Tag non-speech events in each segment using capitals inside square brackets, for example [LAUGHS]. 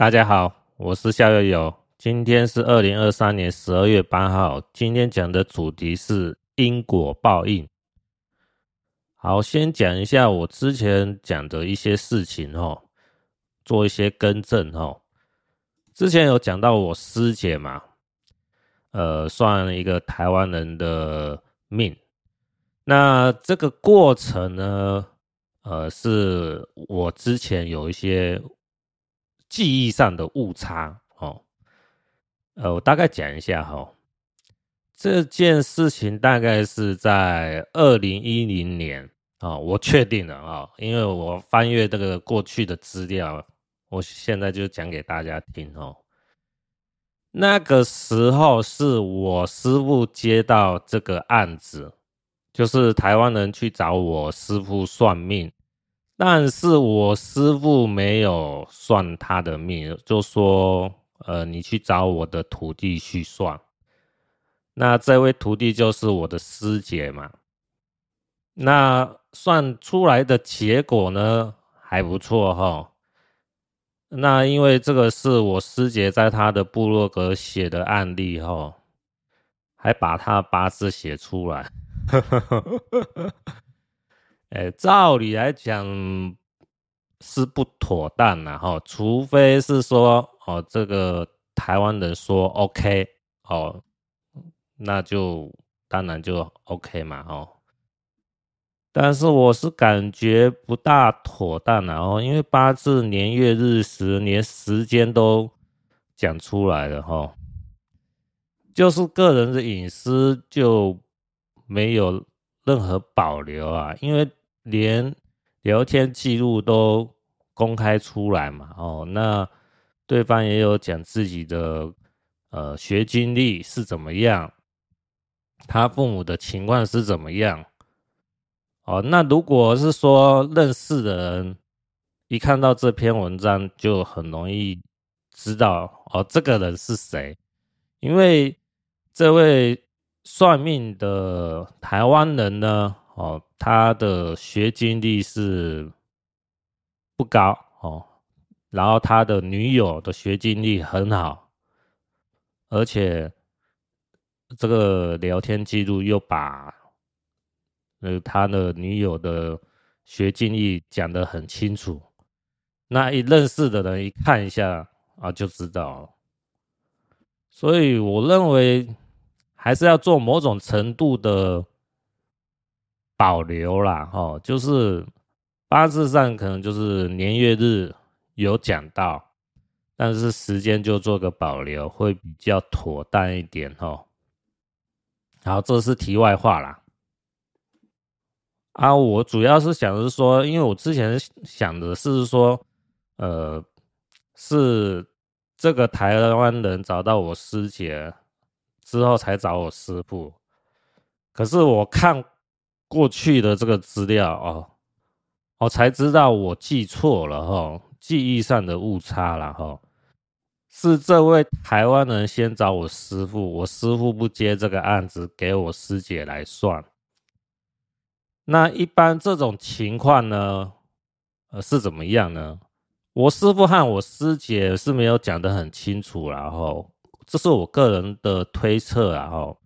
大家好，我是夏月悠。今天是二零二三年十二月八號。今天講的主題是因果報應。好，先講一下我之前講的一些事情哦，做一些更正哦。之前有講到我師姐嘛，呃，算一個台灣人的命。那這個過程呢，呃，是我之前有一些。記憶上的誤差哦，呃，我大概講一下哈，這件事情大概是在二零一零年啊，我確定了啊，因為我翻閱這個過去的資料，我現在就講給大家聽哦。那個時候是我師傅接到這個案子，就是台灣人去找我師傅算命。但是我師父沒有算他的命，就說：“呃，你去找我的徒弟去算。”那這位徒弟就是我的師姐嘛。那算出來的結果呢還不錯齁。那因為這個是我師姐在她的部落格寫的案例齁，還把他的八字寫出來。 [LAUGHS] 欸、照理來講是不妥當吶、啊，除非是說哦，這個台灣人說 OK 哦，那就當然就 OK 嘛，哦。但是我是感覺不大妥當吶、啊，因為八字年月日時連時間都講出來了，就是個人的隱私就沒有任何保留啊，因為。連聊天記錄都公開出來嘛，哦，那對方也有講自己的呃學經歷是怎麼樣，他父母的情況是怎麼樣。哦，那如果是說認識的人，一看到這篇文章就很容易知道哦，這個人是誰。因為這位算命的台灣人呢，哦，他的學經歷是不高哦，然後他的女友的學經歷很好，而且這個聊天記錄又把呃他的女友的學經歷講得很清楚，那一認識的人一看一下啊就知道了，所以我認為還是要做某種程度的。保留啦，哦，就是八字上可能就是年月日有講到，但是時間就做個保留，會比較妥當一點，哦。好，這是題外話啦。啊，我主要是想的是說，因為我之前想的是說，呃，是這個台灣人找到我師姐之後才找我師傅，可是我看過。過去的這個資料哦，我、哦、才知道我記錯了哈、哦，記憶上的誤差了哈、哦，是這位台灣人先找我師傅，我師傅不接這個案子，給我師姐來算。那一般這種情況呢，呃，是怎麼樣呢？我師傅和我師姐是沒有講得很清楚，然、哦、後這是我個人的推測，然後。哦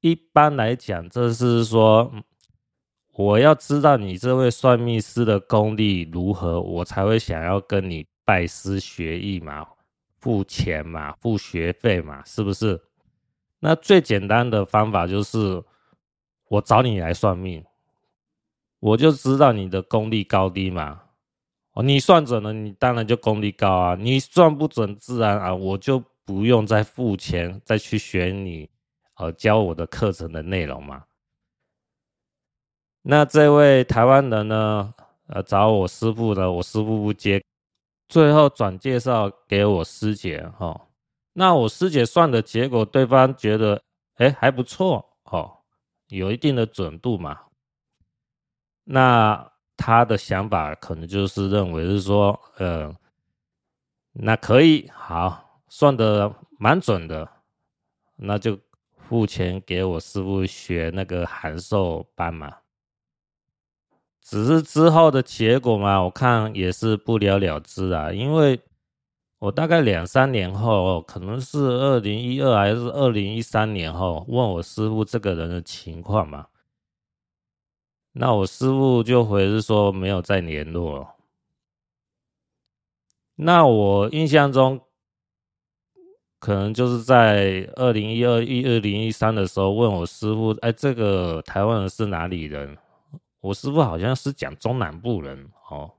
一般來講，這是說我要知道你這位算命師的功力如何，我才會想要跟你拜師學藝嘛，付錢嘛，付學費嘛，是不是？那最簡單的方法就是我找你來算命，我就知道你的功力高低嘛。哦，你算準了，你當然就功力高啊；你算不準，自然啊，我就不用再付錢再去學你。呃，教我的課程的內容嘛。那這位台灣人呢，呃，找我師傅的，我師傅不接，最後轉介紹給我師姐哦。那我師姐算的結果，對方覺得，哎，還不錯哦，有一定的準度嘛。那他的想法可能就是認為是說，嗯、呃，那可以，好，算的蠻準的，那就。付錢給我師傅學那個函授班嘛，只是之後的結果嘛、啊，我看也是不了了之啦、啊。因為我大概兩三年後，可能是二零一二還是二零一三年後，問我師傅這個人的情況嘛，那我師傅就回是說沒有再聯絡了。那我印象中。可能就是在二零一二一二零一三的時候，問我師傅：“哎、欸，這個台灣人是哪裡人？”我師傅好像是講中南部人，哦，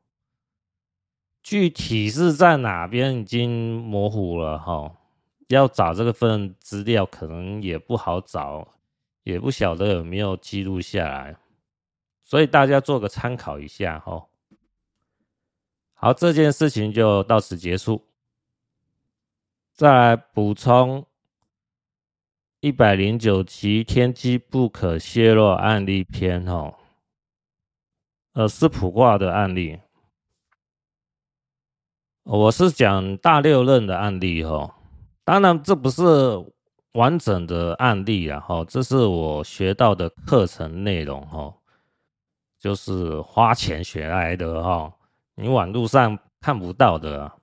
具體是在哪邊已經模糊了，哈、哦。要找這個份資料，可能也不好找，也不曉得有沒有記錄下來，所以大家做個參考一下，哦。好，這件事情就到此結束。再來補充一百零九集《天機不可洩露案例篇》哦，呃，是普卦的案例，我是講大六壬的案例哦，當然，這不是完整的案例，啊，然後這是我學到的課程內容哈、哦，就是花錢學來的哈、哦，你網路上看不到的、啊。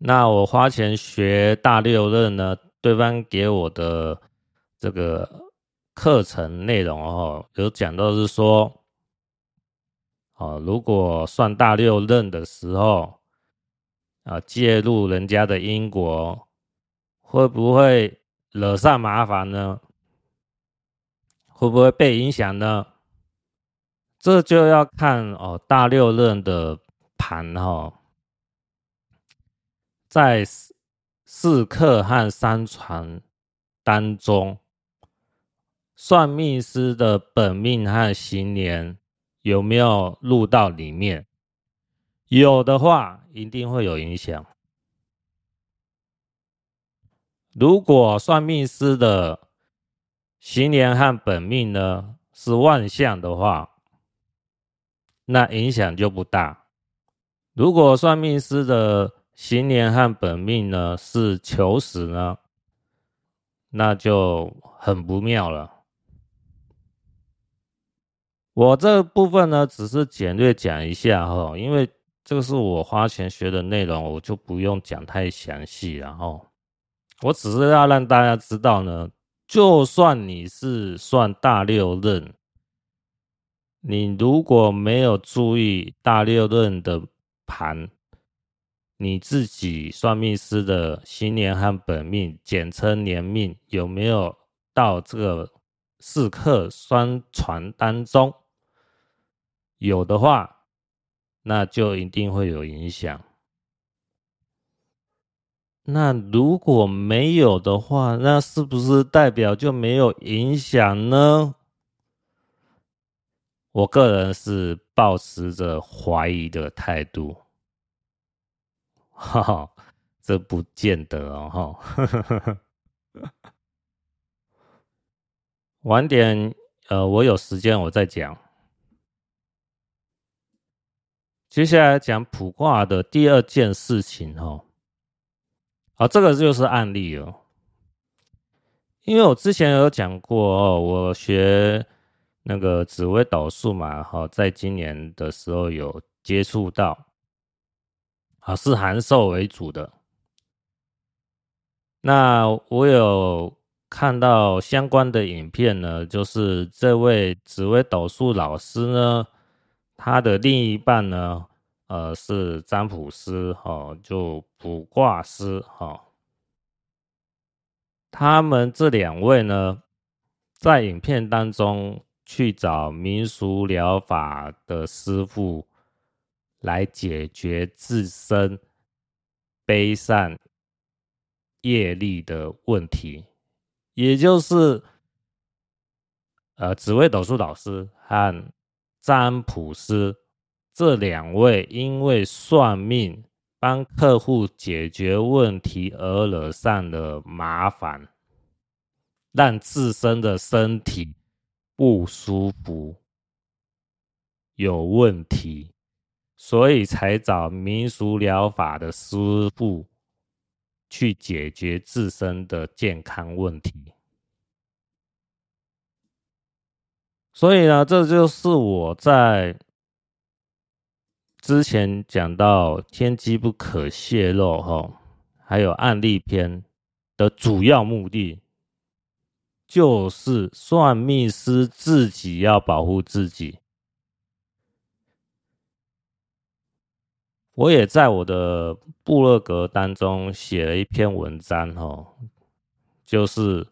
那我花錢學大六壬呢，對方給我的這個課程內容哦，有講到是說，哦，如果算大六壬的時候，啊，介入人家的因果，會不會惹上麻煩呢？會不會被影響呢？這就要看哦，大六壬的盤哦。在四課和三傳當中，算命師的本命和行年有沒有入到裡面？有的話，一定會有影響。如果算命師的行年和本命呢是萬象的話，那影響就不大。如果算命師的行年和本命呢是求死呢，那就很不妙了。我這個部分呢只是簡略講一下哈，因為這個是我花錢學的內容，我就不用講太詳細。然後我只是要讓大家知道呢，就算你是算大六壬，你如果沒有注意大六壬的盤。你自己算命師的新年和本命，簡稱年命，有沒有到這個四克雙傳當中？有的話，那就一定會有影響。那如果沒有的話，那是不是代表就沒有影響呢？我個人是抱持着懷疑的態度。哈、哦，這不見得哦，哈、哦。呵呵呵 [LAUGHS] 晚點，呃，我有時間我再講。接下來講卜卦的第二件事情哦。好、哦，這個就是案例哦。因為我之前有講過哦，我學那個紫微斗數嘛，哈、哦，在今年的時候有接觸到。啊，是函授為主的。那我有看到相關的影片呢，就是這位紫微斗數老師呢，他的另一半呢，呃，是占卜師哈，就卜卦師哈、哦。他們這兩位呢，在影片當中去找民俗療法的師傅。來解決自身悲善業力的問題，也就是，呃，紫微斗數老師和占卜師這兩位，因為算命幫客戶解決問題而惹上了麻煩，讓自身的身體不舒服，有問題。所以才找民俗療法的師傅去解決自身的健康問題。所以呢，這就是我在之前講到天機不可洩露吼，還有案例篇的主要目的，就是算命師自己要保護自己。我也在我的部落格當中寫了一篇文章，哦，就是《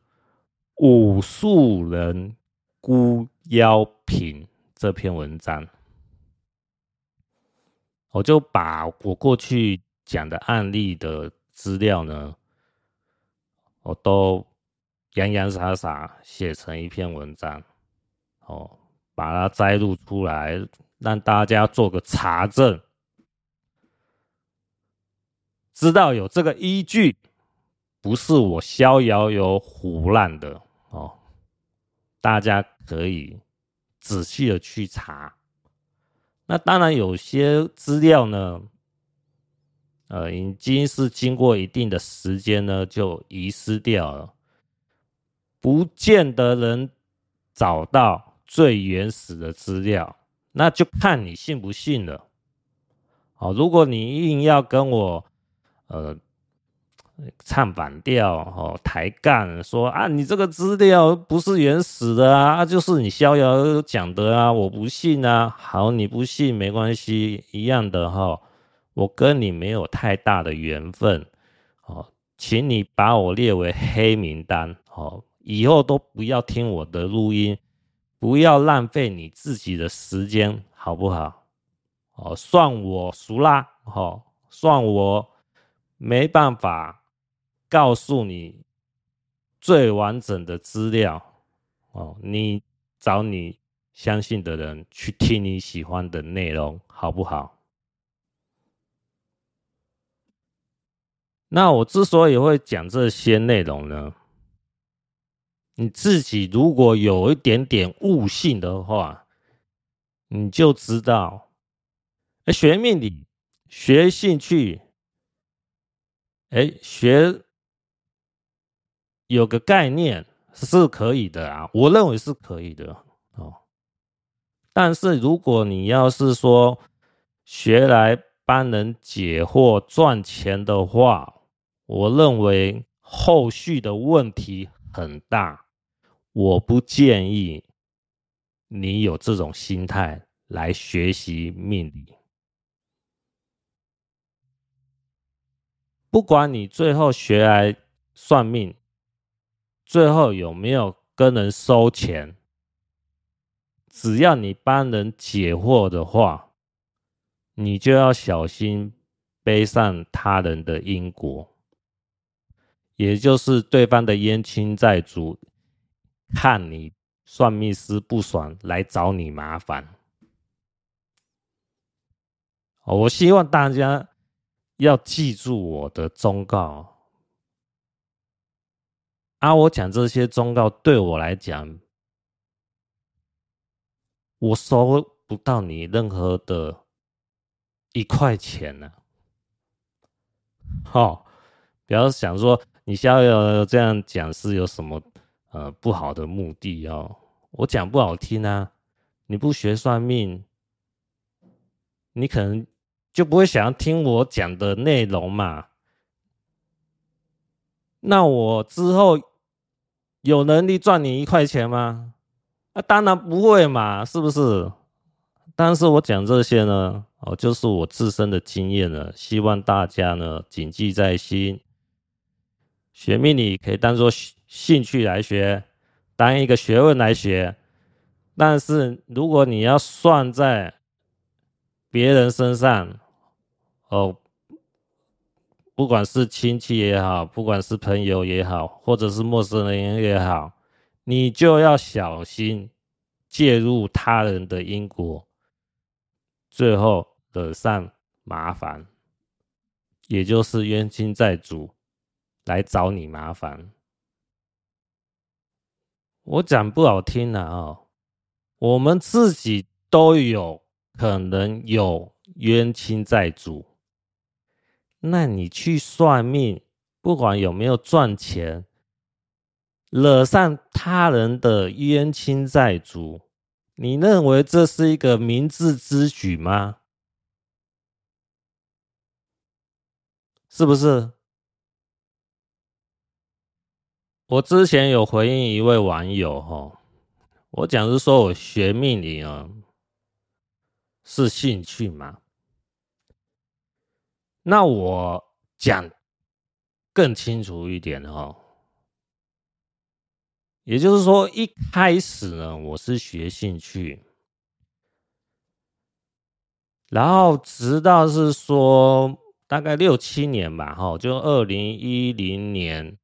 五術人孤妖品》這篇文章，我就把我過去講的案例的資料呢，我都洋洋灑灑寫成一篇文章，哦，把它摘錄出來，讓大家做個查證。知道有這個依據，不是我逍遙遊唬爛的哦。大家可以仔細的去查。那當然有些資料呢，呃，已經是經過一定的時間呢，就遺失掉了，不見得能找到最原始的資料。那就看你信不信了。好、哦，如果你硬要跟我。呃，唱反調哦，抬槓說啊，你這個資料不是原始的啊，啊，就是你逍遙講的啊，我不信啊。好，你不信沒關係，一樣的哦，我跟你沒有太大的緣分哦，請你把我列為黑名單哦，以後都不要聽我的錄音，不要浪費你自己的時間，好不好？哦，算我輸啦，哦，算我。沒辦法告訴你最完整的資料哦，你找你相信的人去聽你喜歡的內容，好不好？那我之所以會講這些內容呢，你自己如果有一點點悟性的話，你就知道，學命理、學興趣。哎，學有個概念是可以的啊，我認為是可以的哦。但是如果你要是說學來幫人解惑賺錢的話，我認為後續的問題很大，我不建議你有這種心態來學習命理。不管你最後學來算命，最後有沒有跟人收錢，只要你幫人解惑的話，你就要小心背上他人的因果，也就是對方的冤親債主，看你算命師不爽，來找你麻煩。我希望大家，要記住我的忠告啊！我講這些忠告，對我來講，我收不到你任何的一塊錢呢、啊。好、哦，不要想說你校有這樣講是有什麼呃不好的目的哦。我講不好聽啊，你不學算命，你可能。就不會想要聽我講的內容嘛。那我之後有能力賺你一塊錢嗎？啊，當然不會嘛，是不是？但是我講這些呢，哦，就是我自身的經驗了，希望大家呢謹記在心。學命理可以當做興趣來學，當一個學問來學，但是如果你要算在別人身上，哦，不管是親戚也好，不管是朋友也好，或者是陌生人也好，你就要小心介入他人的因果，最後惹上麻煩，也就是冤親債主來找你麻煩。我講不好聽的啊、哦，我們自己都有可能有冤親債主。那你去算命，不管有沒有賺錢，惹上他人的冤親債主，你認為這是一個明智之舉嗎？是不是？我之前有回應一位網友哦，我講是說我學命理啊，是興趣嗎？那我講更清楚一點哦。也就是說，一開始呢，我是學興趣，然後直到是說大概六七年吧，哈，就二零一零年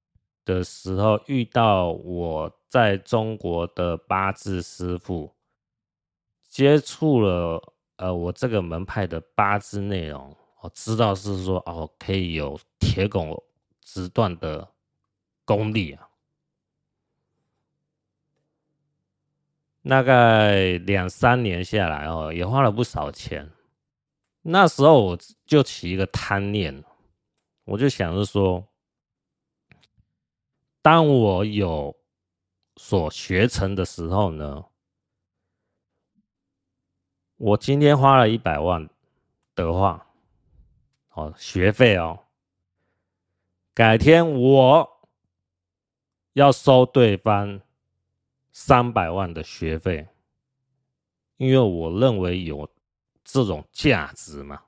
的時候遇到我在中國的八字師傅，接觸了呃，我這個門派的八字內容。我知道是說哦，可以有鐵口直斷的功力啊。大概兩三年下來哦，也花了不少錢。那時候我就起一個貪念，我就想是說，當我有所學成的時候呢，我今天花了一百萬的話。哦，學費哦，改天我要收對方三百萬的學費，因為我認為有這種價值嘛，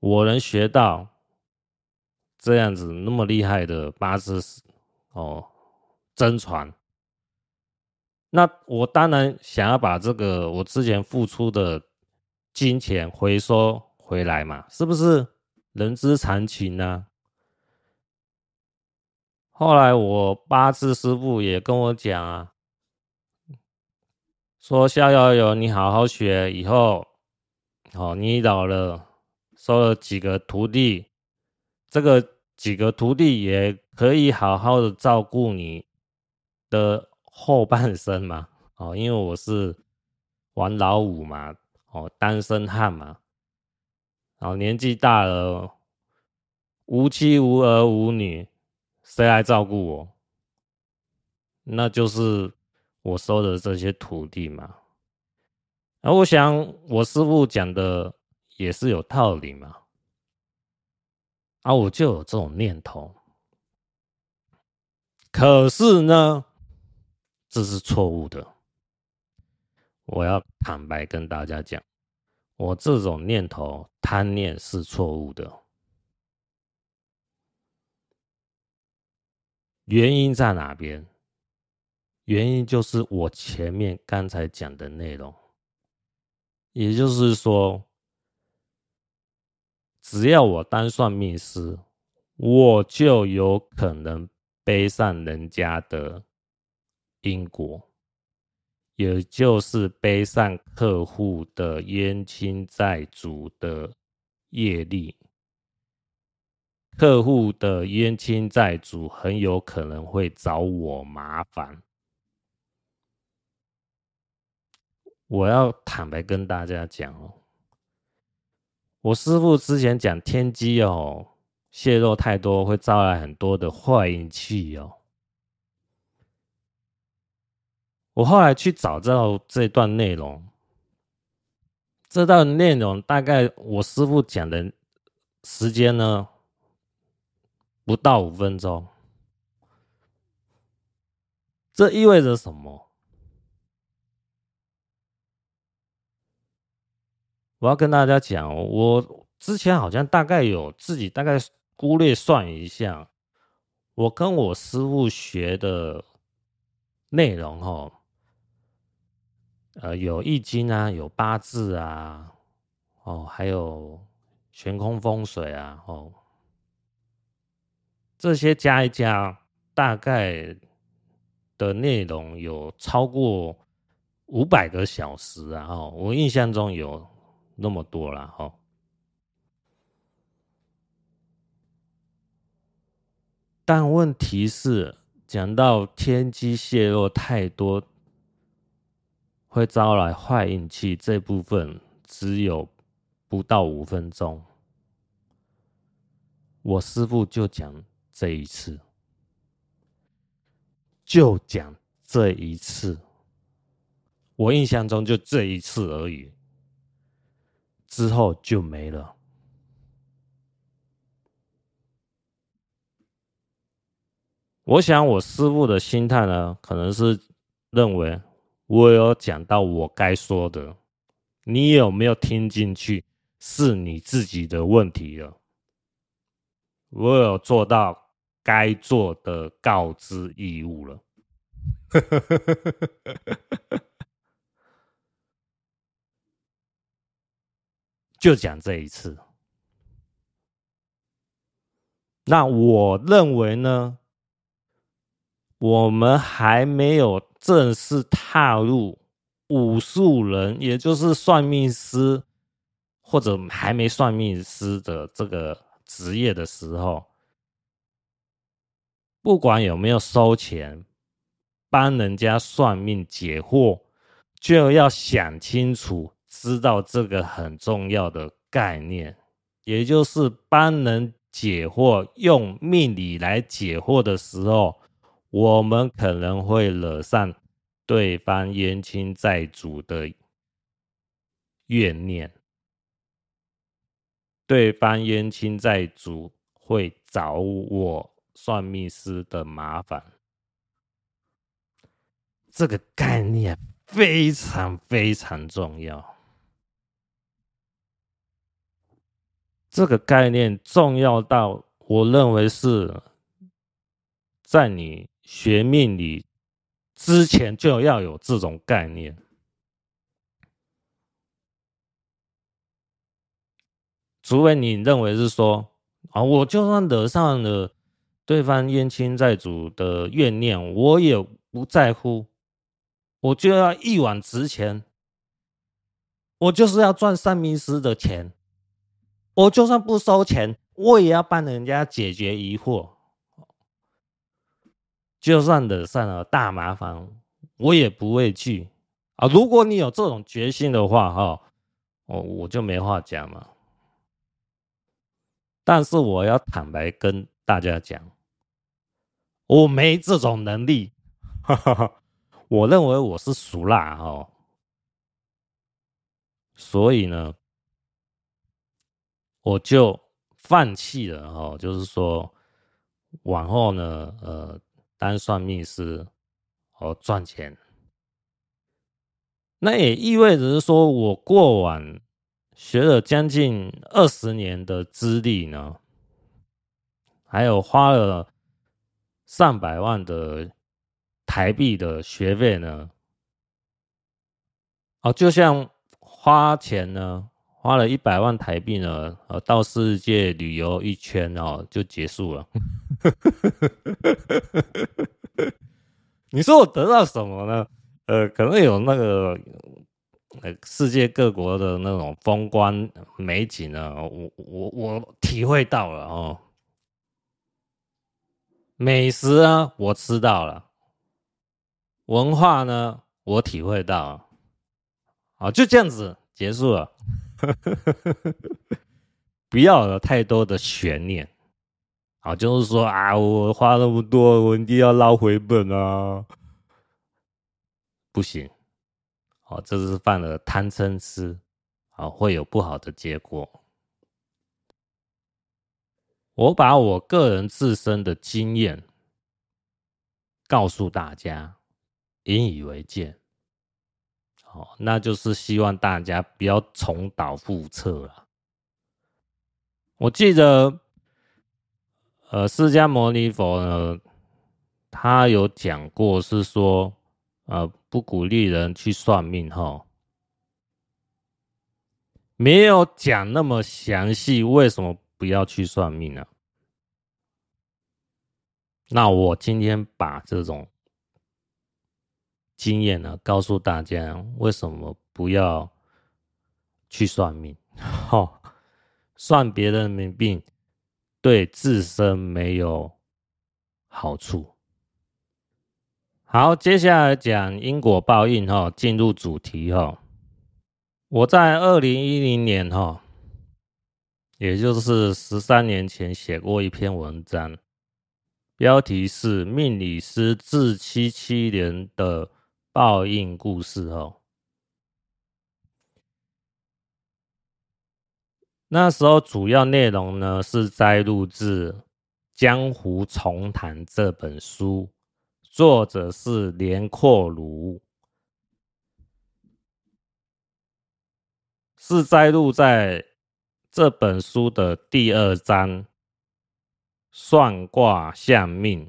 我能學到這樣子那麼厲害的八字哦真傳，那我當然想要把這個我之前付出的。金錢回收回來嘛，是不是人之常情呢、啊？後來我八字師傅也跟我講啊，說逍遙友友，你好好學，以後哦，你老了收了幾個徒弟，這個幾個徒弟也可以好好的照顧你的後半生嘛。哦，因為我是王老五嘛。哦，單身漢嘛，然後年紀大了，無妻無兒無女，誰來照顧我？那就是我收的這些徒弟嘛。啊，我想我師父講的也是有道理嘛。啊，我就有這種念頭。可是呢，這是錯誤的。我要坦白跟大家講，我這種念頭貪念是錯誤的。原因在哪邊？原因就是我前面剛才講的內容，也就是說，只要我當算命師，我就有可能背上人家的因果。也就是背上客戶的冤親債主的業力，客戶的冤親債主很有可能會找我麻煩。我要坦白跟大家講哦，我師父之前講天機哦，洩露太多會招來很多的壞運氣哦。我後來去找到這段內容，這段內容大概我師傅講的時間呢，不到五分鐘。這意味着什麼？我要跟大家講，我之前好像大概有自己大概估略算一下，我跟我師傅學的內容，哦，哈。呃，有易經啊，有八字啊，哦，還有玄空風水啊，哦，這些加一加，大概的內容有超過五百個小時啊，哦，我印象中有那麼多啦，哦。但問題是，講到天機泄露太多。會招來壞運氣這部分只有不到五分鐘，我師傅就講這一次，就講這一次，我印象中就這一次而已，之後就沒了。我想我師傅的心態呢，可能是認為。我有講到我該說的，你有沒有聽進去，是你自己的問題了。我有做到該做的告知義務了， [LAUGHS] 就講這一次。那我認為呢，我們還沒有。正式踏入五術人，也就是算命師或者還沒算命師的這個職業的時候，不管有沒有收錢幫人家算命解惑，就要想清楚，知道這個很重要的概念，也就是幫人解惑，用命理來解惑的時候。我們可能會惹上對方冤親債主的怨念，對方冤親債主會找我算命師的麻煩，這個概念非常非常重要。這個概念重要到我認為是在你學命理之前就要有這種概念，除非你認為是說啊，我就算惹上了對方冤親債主的怨念，我也不在乎，我就要一往直前，我就是要賺算命師的錢，我就算不收錢，我也要幫人家解決疑惑。就算惹上了大麻煩，我也不會去啊！如果你有這種決心的話，哈、哦，我我就沒話講了。但是我要坦白跟大家講，我沒這種能力， [LAUGHS] 我認為我是俗辣哈、哦，所以呢，我就放棄了哈、哦。就是說，往後呢，呃。單算命師，和、哦、賺錢，那也意味着是說，我過往學了將近二十年的資歷呢，還有花了上百萬的台幣的學費呢，啊、哦，就像花錢呢。花了一百萬台幣呢，呃，到世界旅遊一圈哦，就結束了。 [LAUGHS] 你說我得到什麼呢？呃，可能有那個、呃、世界各國的那種風光美景呢、啊，我我我體會到了哦。美食啊，我吃到了。文化呢，我體會到了。啊，就這樣子結束了。呵呵呵呵呵， [LAUGHS] 不要有太多的懸念啊！就是說啊，我花那麼多，我一定要撈回本啊！不行，哦、啊，這是犯了貪嗔痴啊，會有不好的結果。我把我個人自身的經驗告訴大家，引以為戒。那就是希望大家不要重蹈覆轍了。我記得，呃，釋迦牟尼佛呢，呃，他有講過，是說，呃，不鼓勵人去算命哈，沒有講那麼詳細，為什麼不要去算命呢？啊？那我今天把這種。經驗呢、啊，告訴大家為什麼不要去算命，哈，算別人的命，對自身沒有好處。好，接下來講因果報應，哈，進入主題，哈。我在二零一零年，哈，也就是十三年前寫過一篇文章，標題是《命理師自欺欺人的》。報應故事哦。那時候主要內容呢，是摘錄自《江湖重談》這本書，作者是連闊如，是摘錄在這本書的第二章“算卦相命”，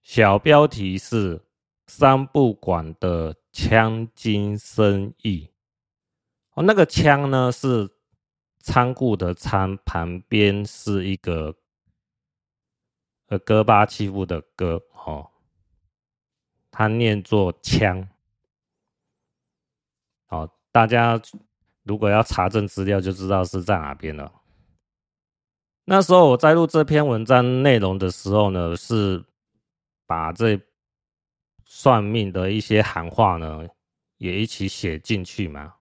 小標題是。三不管的槍金生意哦，那個槍呢是倉庫的倉，旁邊是一個呃戈巴契夫的戈哦，它念作槍哦。大家如果要查證資料，就知道是在哪邊了。那時候我在錄這篇文章內容的時候呢，是把這。算命的一些行話呢，也一起寫進去嘛。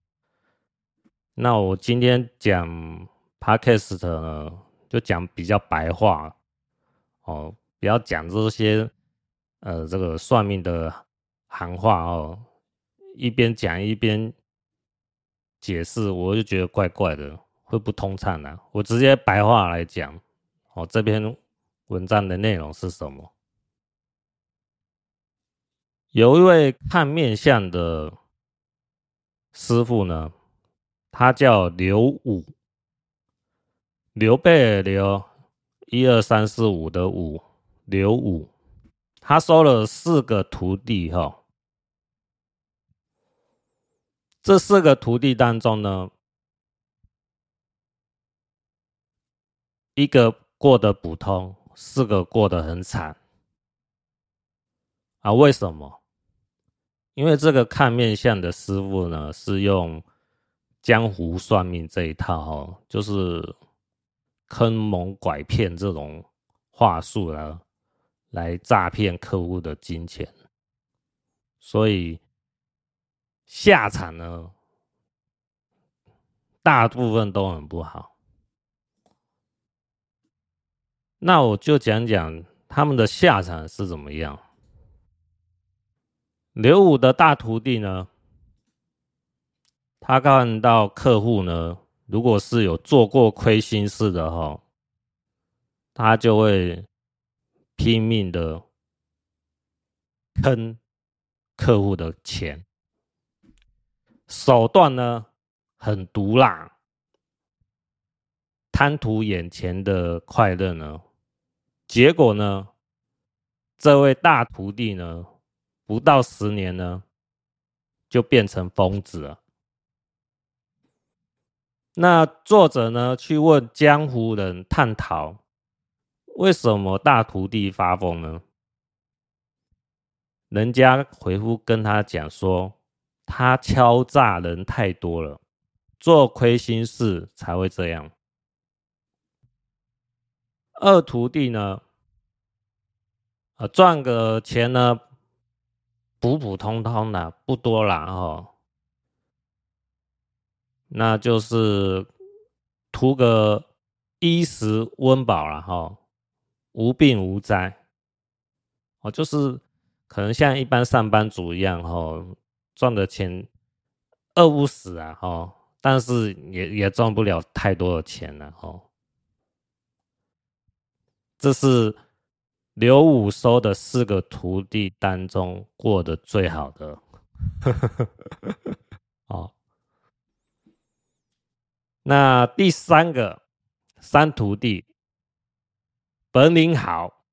那我今天講 Podcast 呢，就講比較白話哦，不要講這些呃，這個算命的行話哦。一邊講一邊解釋，我就覺得怪怪的，會不通暢呢。啊，我直接白話來講，哦，這篇文章的內容是什麼？有一位看面相的師傅呢，他叫劉武，劉備劉，一二三四五的武劉武，他收了四個徒弟哈、哦，這四個徒弟當中呢，一個過得普通，四個過得很慘。啊，為什麼？因為這個看面相的師傅呢，是用江湖算命這一套，哈，就是坑蒙拐騙這種話術啊，來詐騙客戶的金錢，所以下場呢，大部分都很不好。那我就講講他們的下場是怎麼樣。劉武的大徒弟呢，他看到客戶呢，如果是有做過虧心事的話，他就會拼命的坑客戶的錢，手段呢，很毒辣，貪圖眼前的快樂呢，結果呢，這位大徒弟呢，不到十年呢，就變成瘋子了。那作者呢，去問江湖人探討，為什麼大徒弟發瘋呢？人家回覆跟他講說，他敲詐人太多了，做虧心事才會這樣。二徒弟呢，啊，賺個錢呢，普普通通的，啊、不多了哦，那就是圖個衣食溫飽了哈，無病無災，哦，就是可能像一般上班族一樣哦，賺的錢餓不死啊哦，但是也也賺不了太多的錢了哦，這是。劉武收的四個徒弟當中，過得最好的。 [LAUGHS] 哦，那第三個，三徒弟，本領好，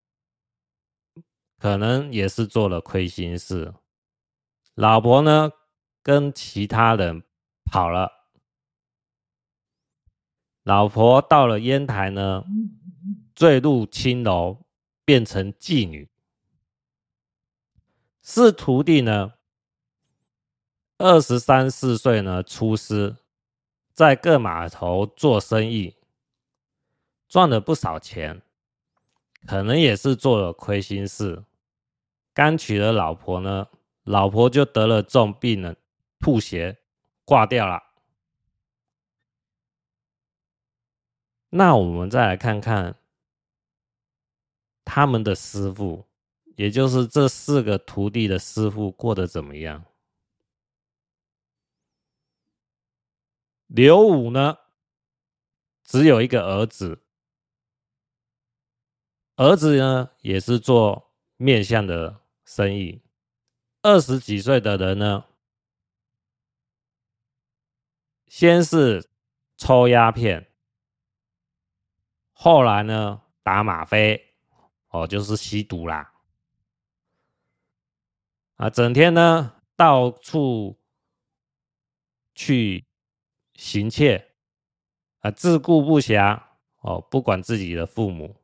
可能也是做了虧心事。老婆呢，跟其他人跑了。老婆到了煙台呢，墜入青樓。變成妓女。四徒弟呢？二十三四歲呢，出師，在各碼頭做生意，賺了不少錢，可能也是做了虧心事。剛娶了老婆呢，老婆就得了重病了，吐血，掛掉了。那我們再來看看。他們的師傅，也就是這四個徒弟的師傅，過得怎麼樣？劉武呢，只有一個兒子，兒子呢也是做面相的生意。二十幾歲的人呢，先是抽鴉片，後來呢打嗎啡。哦，就是吸毒啦，啊，整天呢到處去行竊，啊，自顧不暇哦，不管自己的父母。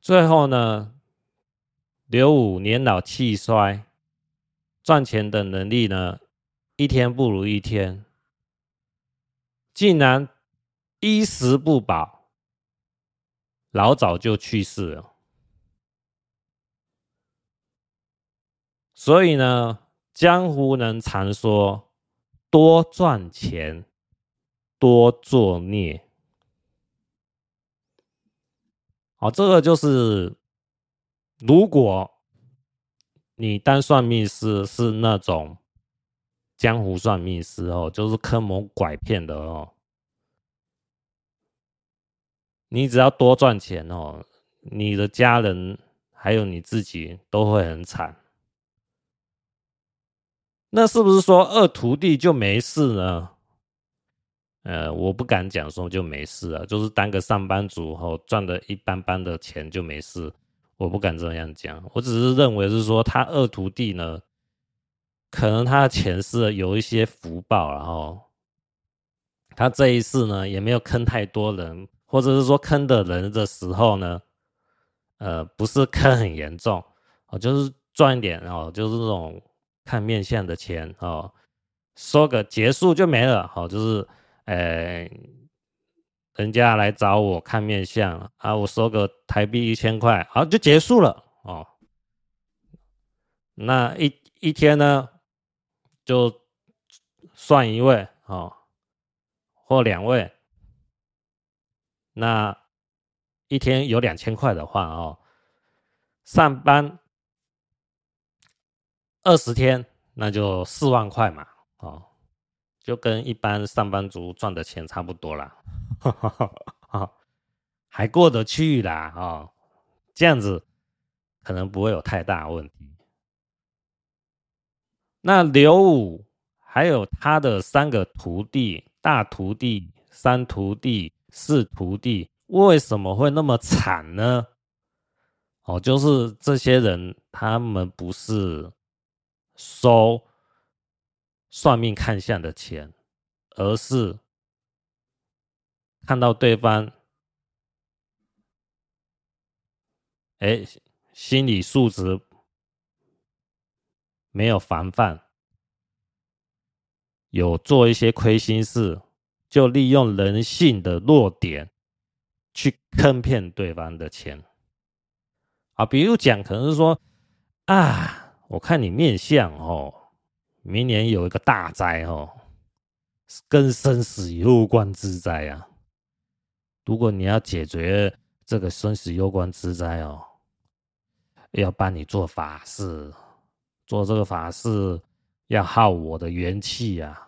最後呢，劉武年老氣衰，賺錢的能力呢一天不如一天，竟然衣食不保。老早就去世了，所以呢，江湖人常說：多賺錢，多作孽。哦，這個就是，如果你當算命師是那種江湖算命師哦，就是坑蒙拐騙的哦。你只要多賺錢哦，你的家人還有你自己都會很慘。那是不是說二徒弟就沒事呢？呃，我不敢講說就沒事啊，就是當個上班族齁，賺的一般般的錢就沒事，我不敢這樣講。我只是認為是說他二徒弟呢，可能他的前世有一些福報，然後他這一世呢也沒有坑太多人。或者是說坑的人的時候呢，呃，不是坑很嚴重，哦，就是賺一點哦，就是這種看面相的錢哦，收個結束就沒了，好、哦，就是，哎人家來找我看面相啊，我收個台幣一千塊，好，就結束了哦，那一一天呢，就算一位哦，或兩位。那一天有兩千塊的話哦，上班二十天，那就四萬塊嘛哦，就跟一般上班族賺的錢差不多了，還過得去啦哦，這樣子可能不會有太大問題。那劉武還有他的三個徒弟，大徒弟、三徒弟。是徒弟，為什麼會那麼慘呢？哦，就是這些人，他們不是收算命看相的錢，而是看到對方，誒，心理素質沒有防範，有做一些虧心事。就利用人性的弱點，去坑騙對方的錢啊！比如講，可能是說啊，我看你面相哦，明年有一個大災哦，跟生死攸關之災啊。如果你要解決這個生死攸關之災哦，要幫你做法事，做這個法事要耗我的元氣啊。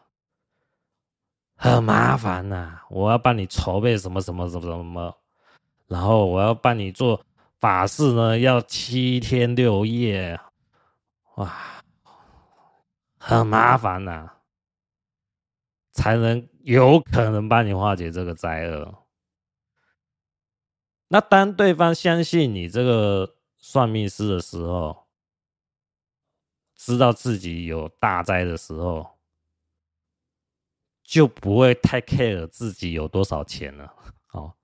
很麻煩吶、啊，我要幫你籌備什麼什麼什麼什麼，然後我要幫你做法事呢，要七天六夜，哇，很麻煩吶、啊，才能有可能幫你化解這個災厄。那當對方相信你這個算命師的時候，知道自己有大災的時候。就不會太 care 自己有多少錢了哦，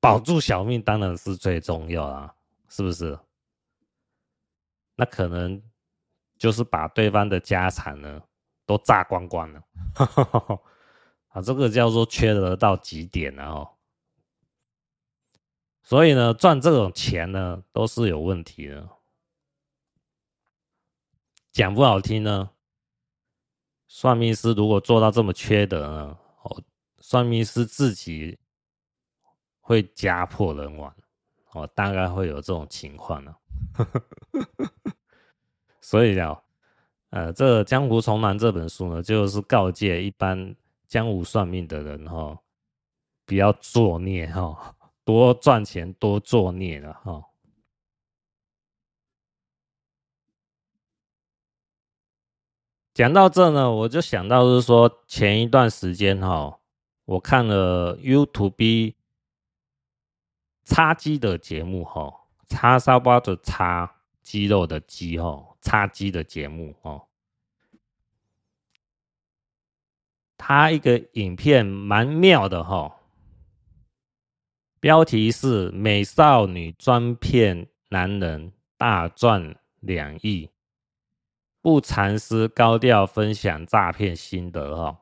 保住小命當然是最重要啦、啊，是不是？那可能就是把對方的家產呢都炸光光了，啊，這個叫做缺德到極點了哦。所以呢，賺這種錢呢都是有問題的，講不好聽呢。算命師如果做到這麼缺德呢？哦，算命師自己會家破人亡，哦，大概會有這種情況呢、啊。 [LAUGHS] 所以呢、啊、呃，這個《江湖叢談》這本書呢，就是告誡一般江湖算命的人哈、哦，不要作孽哈、哦，多賺錢多作孽了哈、哦。講到這呢，我就想到就是說前一段時間哈、哦，我看了 YouTube 叉雞的節目哈，叉燒包的叉，雞肉的雞哈，叉雞的節目哦，他、哦哦、一個影片蠻妙的哈、哦，標題是美少女專騙男人，大賺兩億。本詐欺師高調分享詐騙心得哈、哦，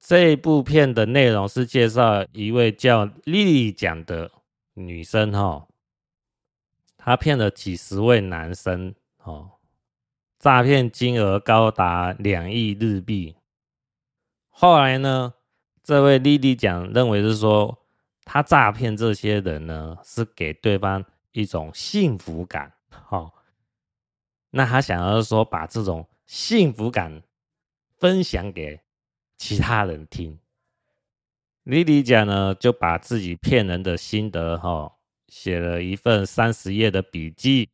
這一部片的內容是介紹一位叫莉莉醬的女生哈、哦，她騙了幾十位男生哦，詐騙金額高達兩億日幣。後來呢，這位莉莉醬認為是說，她詐騙這些人呢，是給對方一種幸福感好、哦。那他想要說把這種幸福感分享給其他人聽。莉莉講呢，就把自己騙人的心得哈寫了一份三十頁的筆記，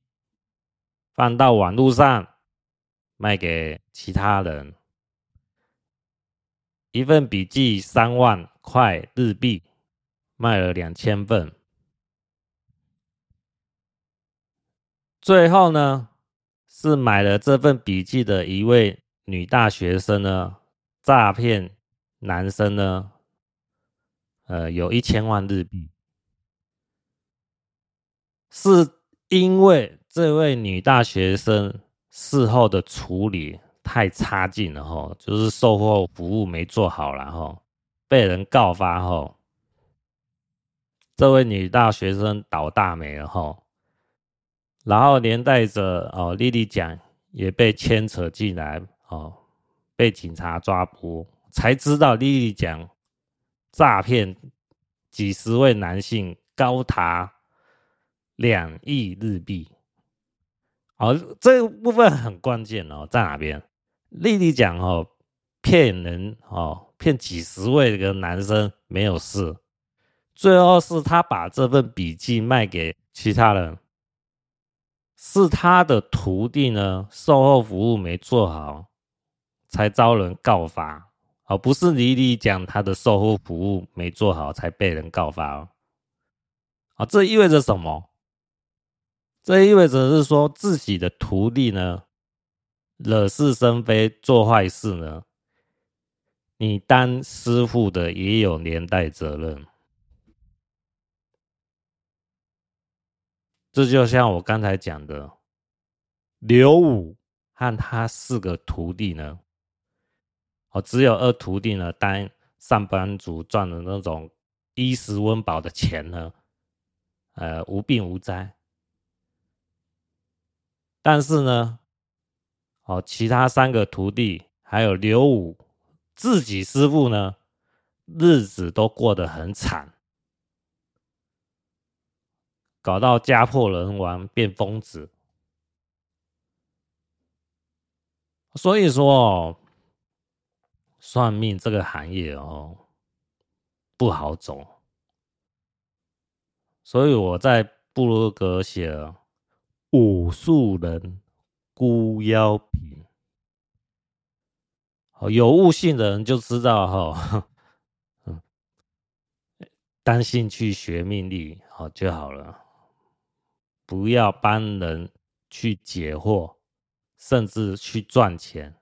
放到網絡上賣給其他人。一份筆記三萬塊日幣，賣了兩千份。最後呢？是買了這份筆記的一位女大學生呢，詐騙男生呢，呃，有一千萬日幣，嗯，是因為這位女大學生事後的處理太差勁了哈，就是售後服務沒做好了哈，被人告發後，這位女大學生倒大黴了哈。然後連帶着哦，莉莉醬也被牽扯進來哦，被警察抓捕，才知道莉莉醬詐騙幾十位男性高達兩億日幣。好，哦，這個部分很關鍵哦，在哪邊？莉莉醬哦，騙人哦，騙幾十位的男生沒有事，最後是他把這份筆記賣給其他人。是他的徒弟呢，售後服務沒做好，才遭人告發，而、哦、不是李李講他的售後服務沒做好才被人告發哦。啊，這意味着什麼？這意味着是說自己的徒弟呢，惹是生非，做壞事呢，你當師傅的也有連帶責任。這就像我剛才講的，劉武和他四個徒弟呢，哦，只有二徒弟呢，當上班族賺的那種衣食溫飽的錢呢，呃，無病無災。但是呢，哦，其他三個徒弟，還有劉武，自己師傅呢，日子都過得很慘。搞到家破人亡，變瘋子。所以說，算命這個行業哦，不好走。所以我在部落格寫了：“五術人孤夭貧，有悟性的人就知道哈、哦，嗯，單心去學命理好就好了。”不要幫人去解惑，甚至去賺錢，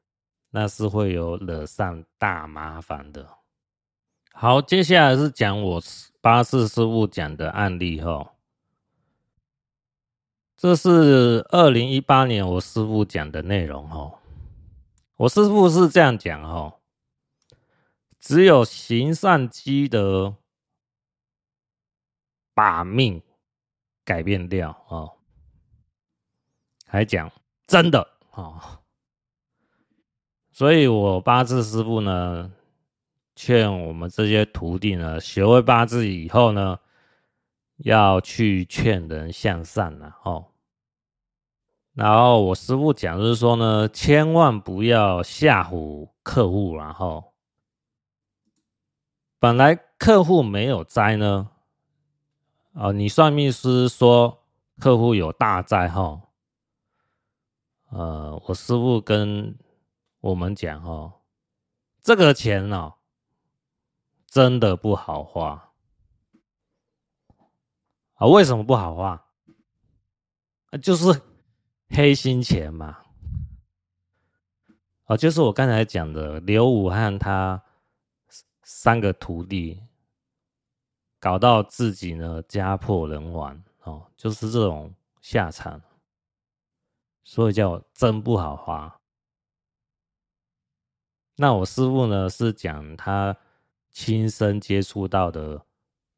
那是會有惹上大麻煩的。好，接下來是講我八字師傅講的案例哦。這是二零一八年我師傅講的內容哦。我師傅是這樣講哦。只有行善積德，把命。改變掉哦。還講真的啊、哦！所以我八字師傅呢，勸我們這些徒弟呢，學會八字以後呢，要去勸人向善了哦，然後我師傅講就是說呢，千萬不要嚇唬客戶，哦，然後本來客戶沒有災呢。哦，你算命師說客戶有大災哈、哦，呃，我師傅跟我們講哦，這個錢呢、哦，真的不好花啊、哦，為什麼不好花？啊、呃，就是黑心錢嘛，啊、哦，就是我剛才講的劉武漢他三個徒弟。搞到自己呢，家破人亡哦，就是這種下場，所以叫真不好花。那我師傅呢，是講他親身接觸到的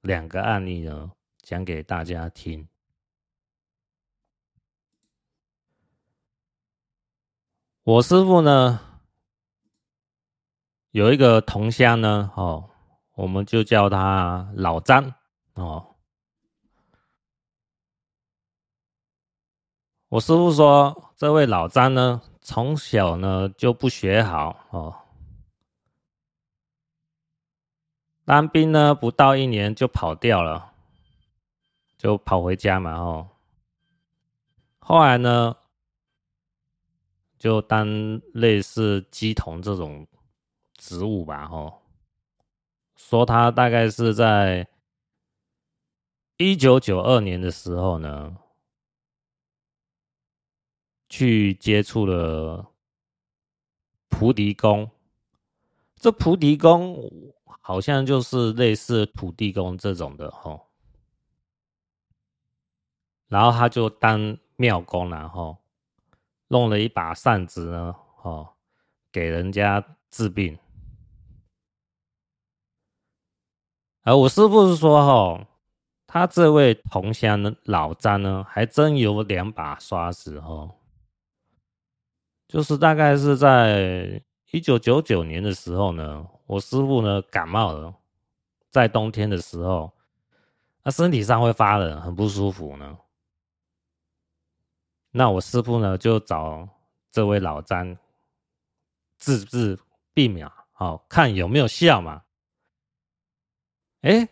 兩個案例呢，講給大家聽。我師傅呢，有一個同鄉呢，哦。我們就叫他老張哦。我師傅說，這位老張呢，從小呢就不學好哦，當兵呢不到一年就跑掉了，就跑回家嘛哦。後來呢，就當類似乩童這種職務吧哦。說他大概是在一九九二年的時候呢，去接觸了菩提公。這菩提公好像就是類似土地公這種的哦。然後他就當廟公啊，然後弄了一把扇子呢，哦，給人家治病。啊，而我師傅是說哦，他這位同鄉的老張呢，還真有兩把刷子哦。就是大概是在一九九九年的時候呢，我師傅呢感冒了，在冬天的時候，他身體上會發冷，很不舒服呢。那我師傅呢就找這位老張治治病，哦，看有沒有效嘛？哎，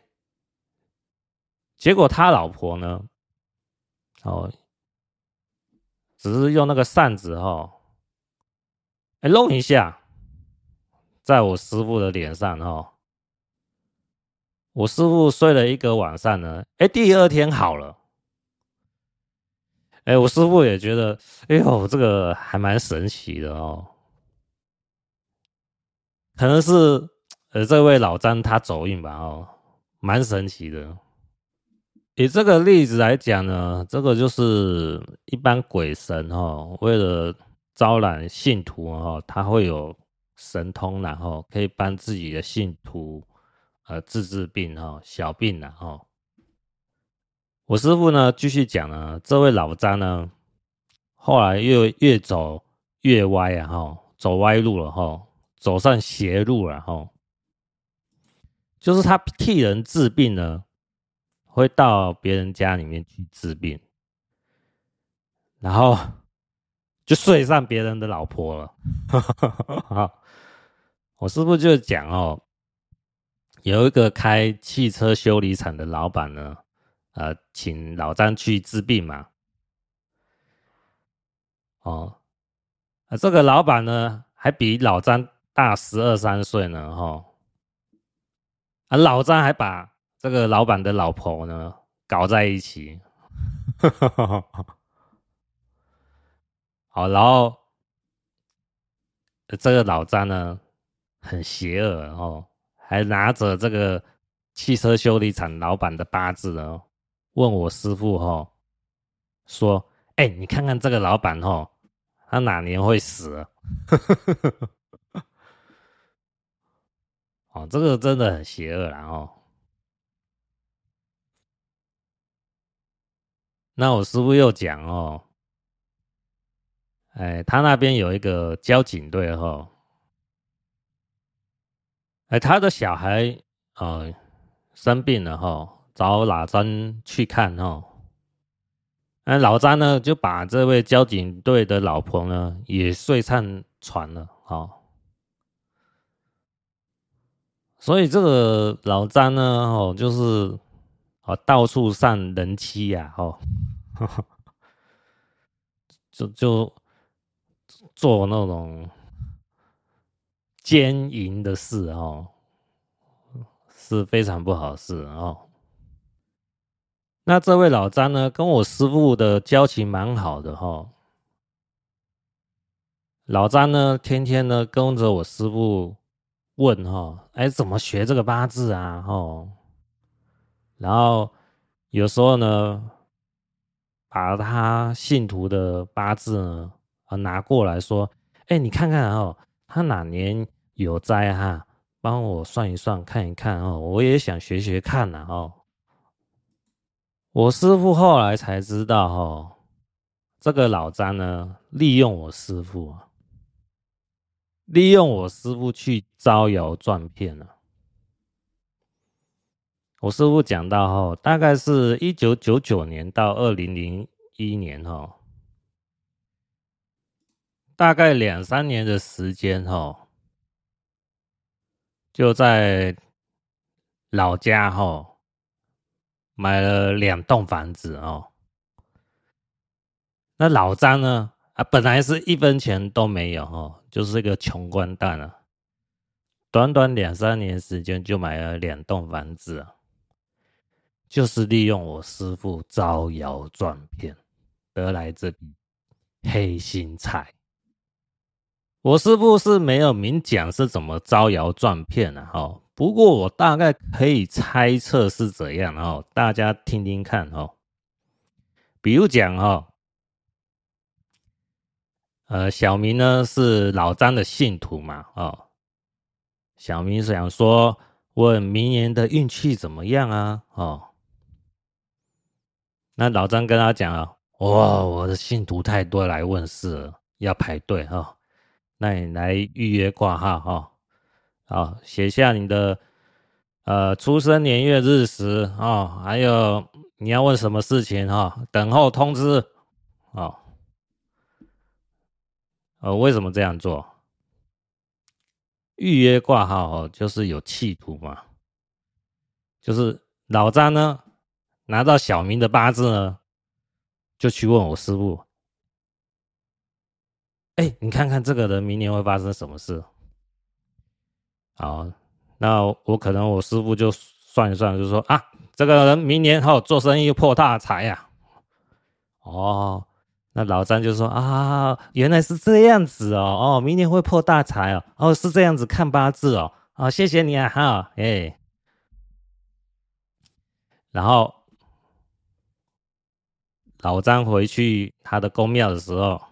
結果他老婆呢，哦，只是用那個扇子哦，哎，弄一下，在我師傅的臉上哦。我師傅睡了一個晚上呢，哎，第二天好了。哎，我師傅也覺得，哎呦，這個還蠻神奇的哦，可能是呃，這位老張他走運吧哦。蠻神奇的，以這個例子來講呢，這個就是一般鬼神哈，為了招攬信徒哈，他會有神通，然後可以幫自己的信徒呃治治病哈，小病哈，然後。我師父呢繼續講呢，這位老張呢，後來越越走越歪啊哈，走歪路了哈，走上邪路了哈。就是他替人治病呢，會到別人家裡面去治病，然後就睡上別人的老婆了。 [LAUGHS] 我是不是就講哦？有一個開汽車修理廠的老板呢，呃，請老張去治病嘛。哦、呃，這個老板呢，還比老張大十二三歲呢，哈、哦。啊，老張還把這個老闆的老婆呢搞在一起，好，然後這個老張呢很邪惡哦，還拿着這個汽車修理廠老闆的八字呢，問我師傅哦，說：“哎，你看看這個老闆哦，他哪年會死，啊？” [LAUGHS] 這個真的很邪惡，然後，那我師傅又講哦，哎，他那邊有一個交警隊哦。哎，他的小孩呃生病了哈，找老張去看哦。那老張呢就把這位交警隊的老婆呢也睡上床了啊。所以這個老張呢，哦，就是哦、啊，到處上人妻呀、啊，哦， [LAUGHS] 就就做那種姦淫的事哦，是非常不好事哦。那這位老張呢，跟我師父的交情蠻好的哈、哦。老張呢，天天呢跟着我師父。問哦，哎，怎麼學這個八字啊？哦，然後有時候呢，把他信徒的八字呢，啊，拿過來說，哎，你看看哦，他哪年有災哈、啊？幫我算一算，看一看哦，我也想學學看吶、啊、哦。我師傅後來才知道哦，這個老張呢，利用我師傅。利用我師傅去招搖撞騙呢？我師傅講到哈、哦，大概是一九九九年到二零零一年哈、哦，大概兩三年的時間哈、哦，就在老家哈、哦、買了兩棟房子哦。那老張呢？啊，本來是一分錢都沒有哈、哦。就是一個窮光蛋啊！短短兩三年時間就買了兩棟房子啊，就是利用我師傅招搖撞騙得來這筆黑心財。我師傅是沒有明講是怎麼招搖撞騙的哈，不過我大概可以猜測是怎樣啊。大家聽聽看啊，比如講啊。呃，小明呢是老張的信徒嘛？哦，小明想說，問明年的運氣怎麼樣啊？哦，那老張跟他講啊，哇、哦，我的信徒太多來問事，要排隊哈、哦。那你來預約掛號哦，好，寫下你的呃出生年月日時啊、哦，還有你要問什麼事情哈、哦，等候通知哦。呃，為什麼這樣做？預約掛號哦，就是有企圖嘛。就是老張呢，拿到小明的八字呢，就去問我師傅。哎、欸，你看看這個人明年會發生什麼事？好，那我可能我師傅就算一算，就說啊，這個人明年哦做生意又破大財呀、啊。哦。那老張就說：“啊，原來是這樣子哦，哦，明年會破大財哦，哦，是這樣子看八字哦，啊、哦，謝謝你啊，哈，哎。”然後老張回去他的宮廟的時候，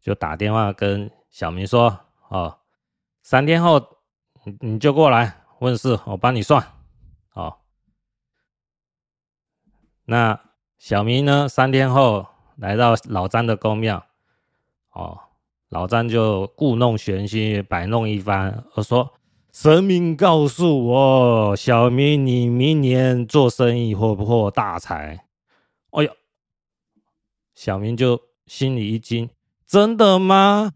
就打電話跟小明說：“哦，三天後你你就過來問事，我幫你算。”哦，那小明呢？三天後。來到老張的宮廟，哦，老張就故弄玄虛，擺弄一番，而說：“神明告訴我，小明你明年做生意會不破大財。”哎呦，小明就心裡一驚：“真的嗎？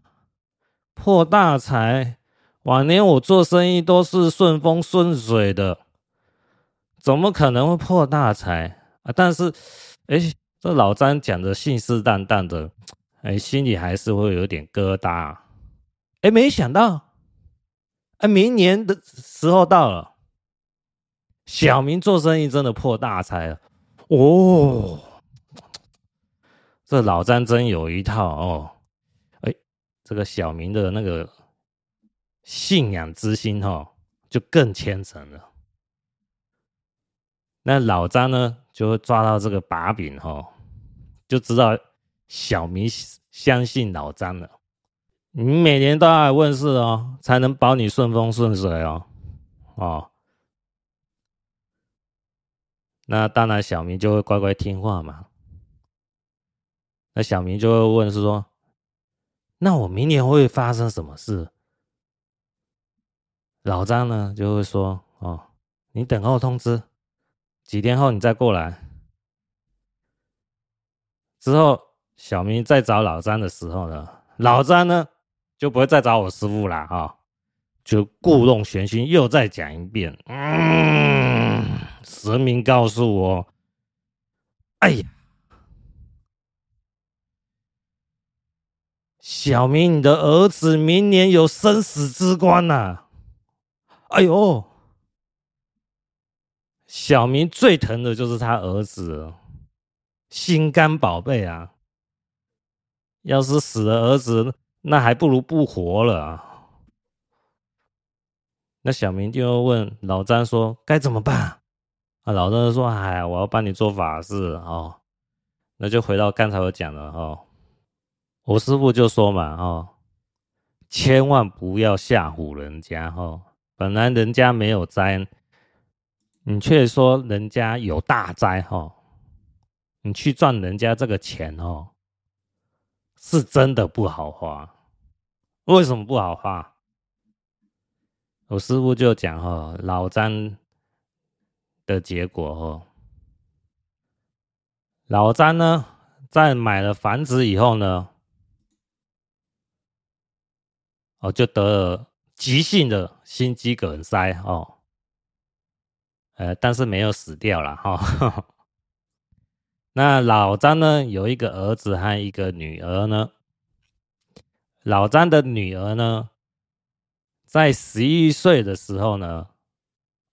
破大財？往年我做生意都是順風順水的，怎麼可能會破大財啊？”但是，哎。這老張講的信誓旦旦的，哎，心裡還是會有點疙瘩。哎，沒想到，哎，明年的時候到了，小明做生意真的破大財了。哦，這老張真有一套哦。哎，這個小明的那個信仰之心哈、哦，就更虔誠了。那老張呢，就會抓到這個把柄哈、哦。就知道小明相信老張了。你每年都要來問事哦，才能保你順風順水哦。哦，那當然，小明就會乖乖聽話嘛。那小明就會問是說，那我明年會發生什麼事？老張呢就會說哦，你等候通知，幾天後你再過來。之後，小明再找老張的時候呢，老張呢就不會再找我師傅了啊，就故弄玄虛，又再講一遍。嗯，神明告訴我，哎呀，小明你的兒子明年有生死之關吶、啊。哎呦，小明最疼的就是他兒子。心肝寶貝啊！要是死了兒子，那還不如不活了啊！那小明就問老張說：“該怎麼辦？”啊，老張說：“哎，我要幫你做法事哦。”那就回到剛才我講的哦，我師傅就說嘛哦，千萬不要嚇唬人家哦，本來人家沒有災，你卻說人家有大災哦。你去賺人家這個錢哦，是真的不好花。為什麼不好花？我師傅就講哈、哦，老張的結果哦，老張呢，在買了房子以後呢，哦，就得了急性的心肌梗塞哦，呃，但是沒有死掉了哈。哦 [LAUGHS] 那老張呢，有一個兒子和一個女兒呢。老張的女兒呢，在十一歲的時候呢，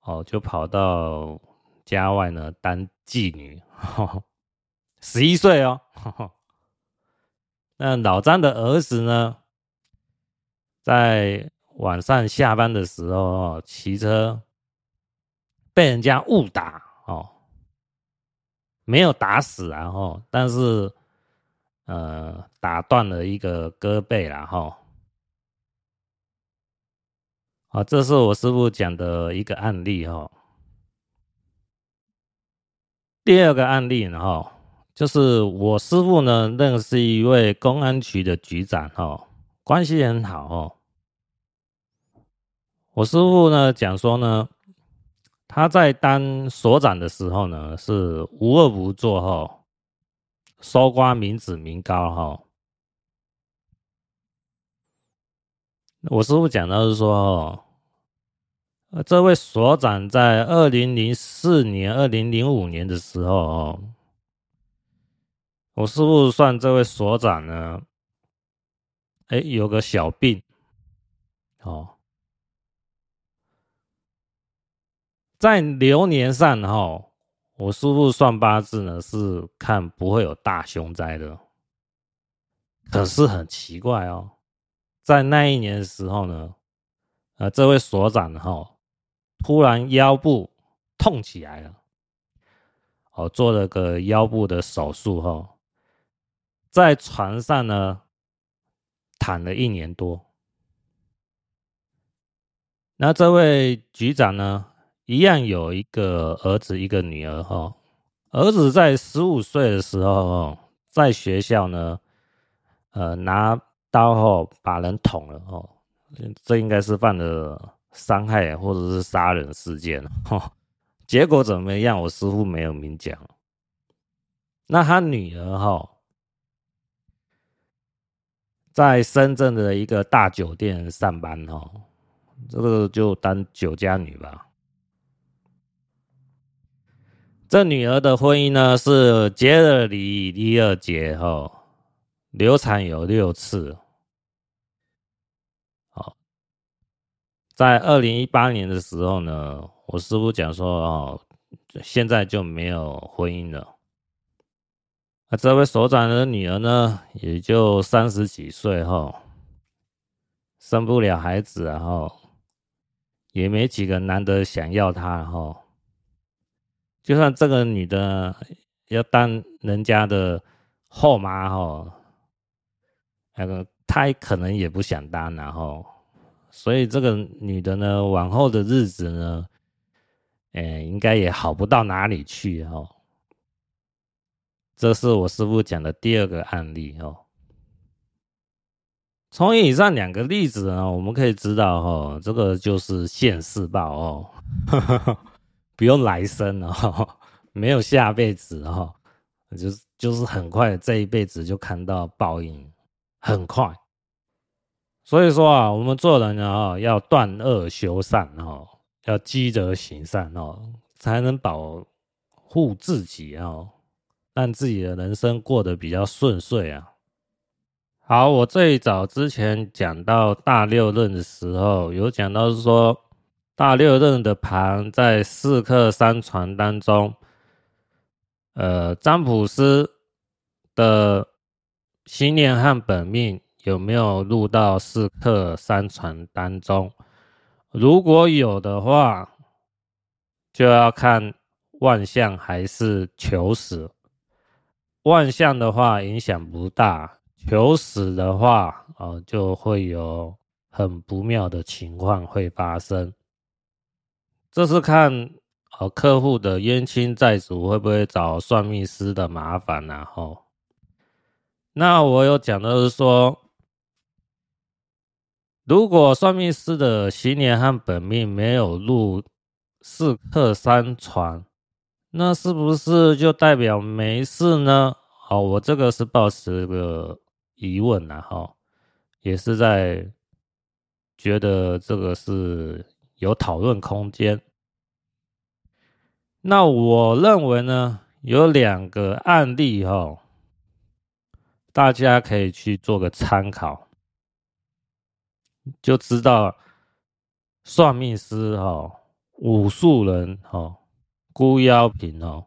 哦，就跑到家外呢，當妓女。十一歲哦，呵呵。那老張的兒子呢，在晚上下班的時候，哦，騎車被人家誤打哦。沒有打死啊，然後但是，呃，打斷了一個胳膊，然後，啊，這是我師傅講的一個案例哦。第二個案例呢，哈，就是我師傅呢認識一位公安局的局長哈，關係很好哦。我師傅呢講說呢。他在當所長的時候呢，是無惡不作哈，搜刮民脂民膏哈。我師父講到是說，呃，這位所長在二零零四年、二零零五年的時候哦，我師父算這位所長呢，哎，有個小病，哦。在流年上哈、哦，我師傅算八字呢，是看不會有大凶災的。可是很奇怪哦，在那一年的時候呢，呃，這位所長哈、哦，突然腰部痛起來了，哦，做了個腰部的手術哈、哦，在床上呢躺了一年多。那這位局長呢？一樣有一個兒子，一個女兒哈。兒子在十五歲的時候哈，在學校呢，呃，拿刀哈把人捅了哦，這應該是犯了傷害或者是殺人事件了哈。結果怎麼樣？我師傅沒有明講。那他女兒哈，在深圳的一個大酒店上班哈，這個就當酒家女吧。這女兒的婚姻呢，是結了離，第二節哈、哦，流產有六次，好、哦，在二零一八年的時候呢，我師傅講說，哦，現在就沒有婚姻了。啊，這位所長的女兒呢，也就三十幾歲，哈、哦，生不了孩子了，然後，哦，也沒幾個男的想要她，然後，哦就算這個女的要當人家的後媽哦，那個她可能也不想當，然後，所以這個女的呢，往後的日子呢，哎，應該也好不到哪裡去哦。這是我師傅講的第二個案例哦。從以上兩個例子呢，我們可以知道哦，這個就是現世報哦。 [LAUGHS] 不用來生了哈，沒有下輩子哈、喔，就是就是很快這一輩子就看到報應，很快。所以說啊，我們做人啊、喔，要斷惡修善、喔、要積德行善哦、喔，才能保護自己哦，讓自己的人生過得比較順遂啊。好，我最早之前講到大六壬的時候，有講到是說。大六壬的盤在四克三傳當中，呃，占卜師的心念和本命有沒有入到四克三傳當中？如果有的話，就要看萬象還是求死。萬象的話影響不大，求死的話啊、呃、就會有很不妙的情況會發生。這是看，哦，客戶的冤親債主會不會找算命師的麻煩然，啊，後那我有講到是說，如果算命師的行年和本命沒有入四課三傳，那是不是就代表沒事呢？好，哦，我這個是抱持個疑問然，啊，後也是在覺得這個是。有討論空間，那我認為呢，有兩個案例哦，大家可以去做個參考，就知道算命師哦，武術人哦，孤夭貧哦，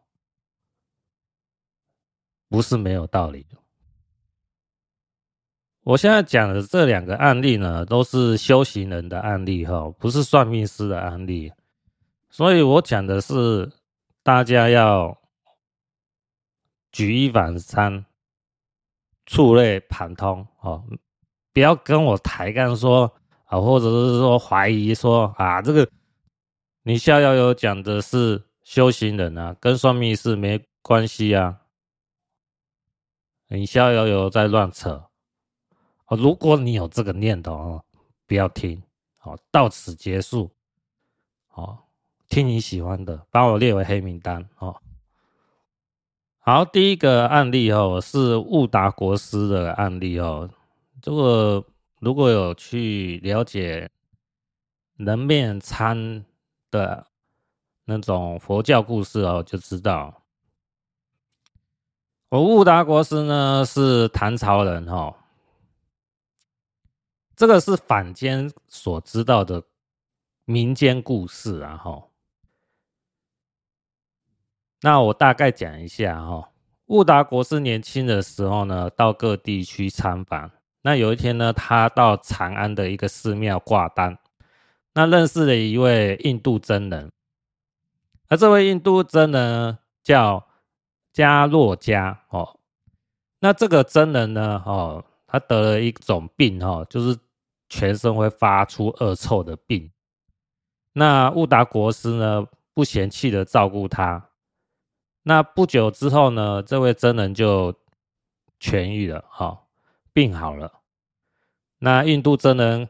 不是沒有道理的。我現在講的這兩個案例呢，都是修行人的案例，哈，不是算命師的案例，所以我講的是大家要舉一反三，觸類旁通，哈，不要跟我抬槓說啊，或者是說懷疑說啊，這個你逍遙遊講的是修行人啊，跟算命師沒關係啊，你逍遙遊在亂扯。如果你有這個念頭哦，不要聽，好，到此結束，好，聽你喜歡的，把我列為黑名單，好。好，第一個案例哦，是悟達國師的案例哦。如果，這個，如果有去了解人面瘡的那種佛教故事哦，就知道我悟達國師呢是唐朝人哦。這個是坊間所知道的民間故事啊！哈，那我大概講一下哈。兀達國師年輕的時候呢，到各地去參訪。那有一天呢，他到長安的一個寺廟掛單，那認識了一位印度僧人。而這位印度僧人叫迦洛迦哦。那這個僧人呢，哦，他得了一種病哦，就是。全身會發出惡臭的病，那烏達國師呢，不嫌棄的照顧他。那不久之後呢，這位真人就痊愈了，哈、哦，病好了。那印度真人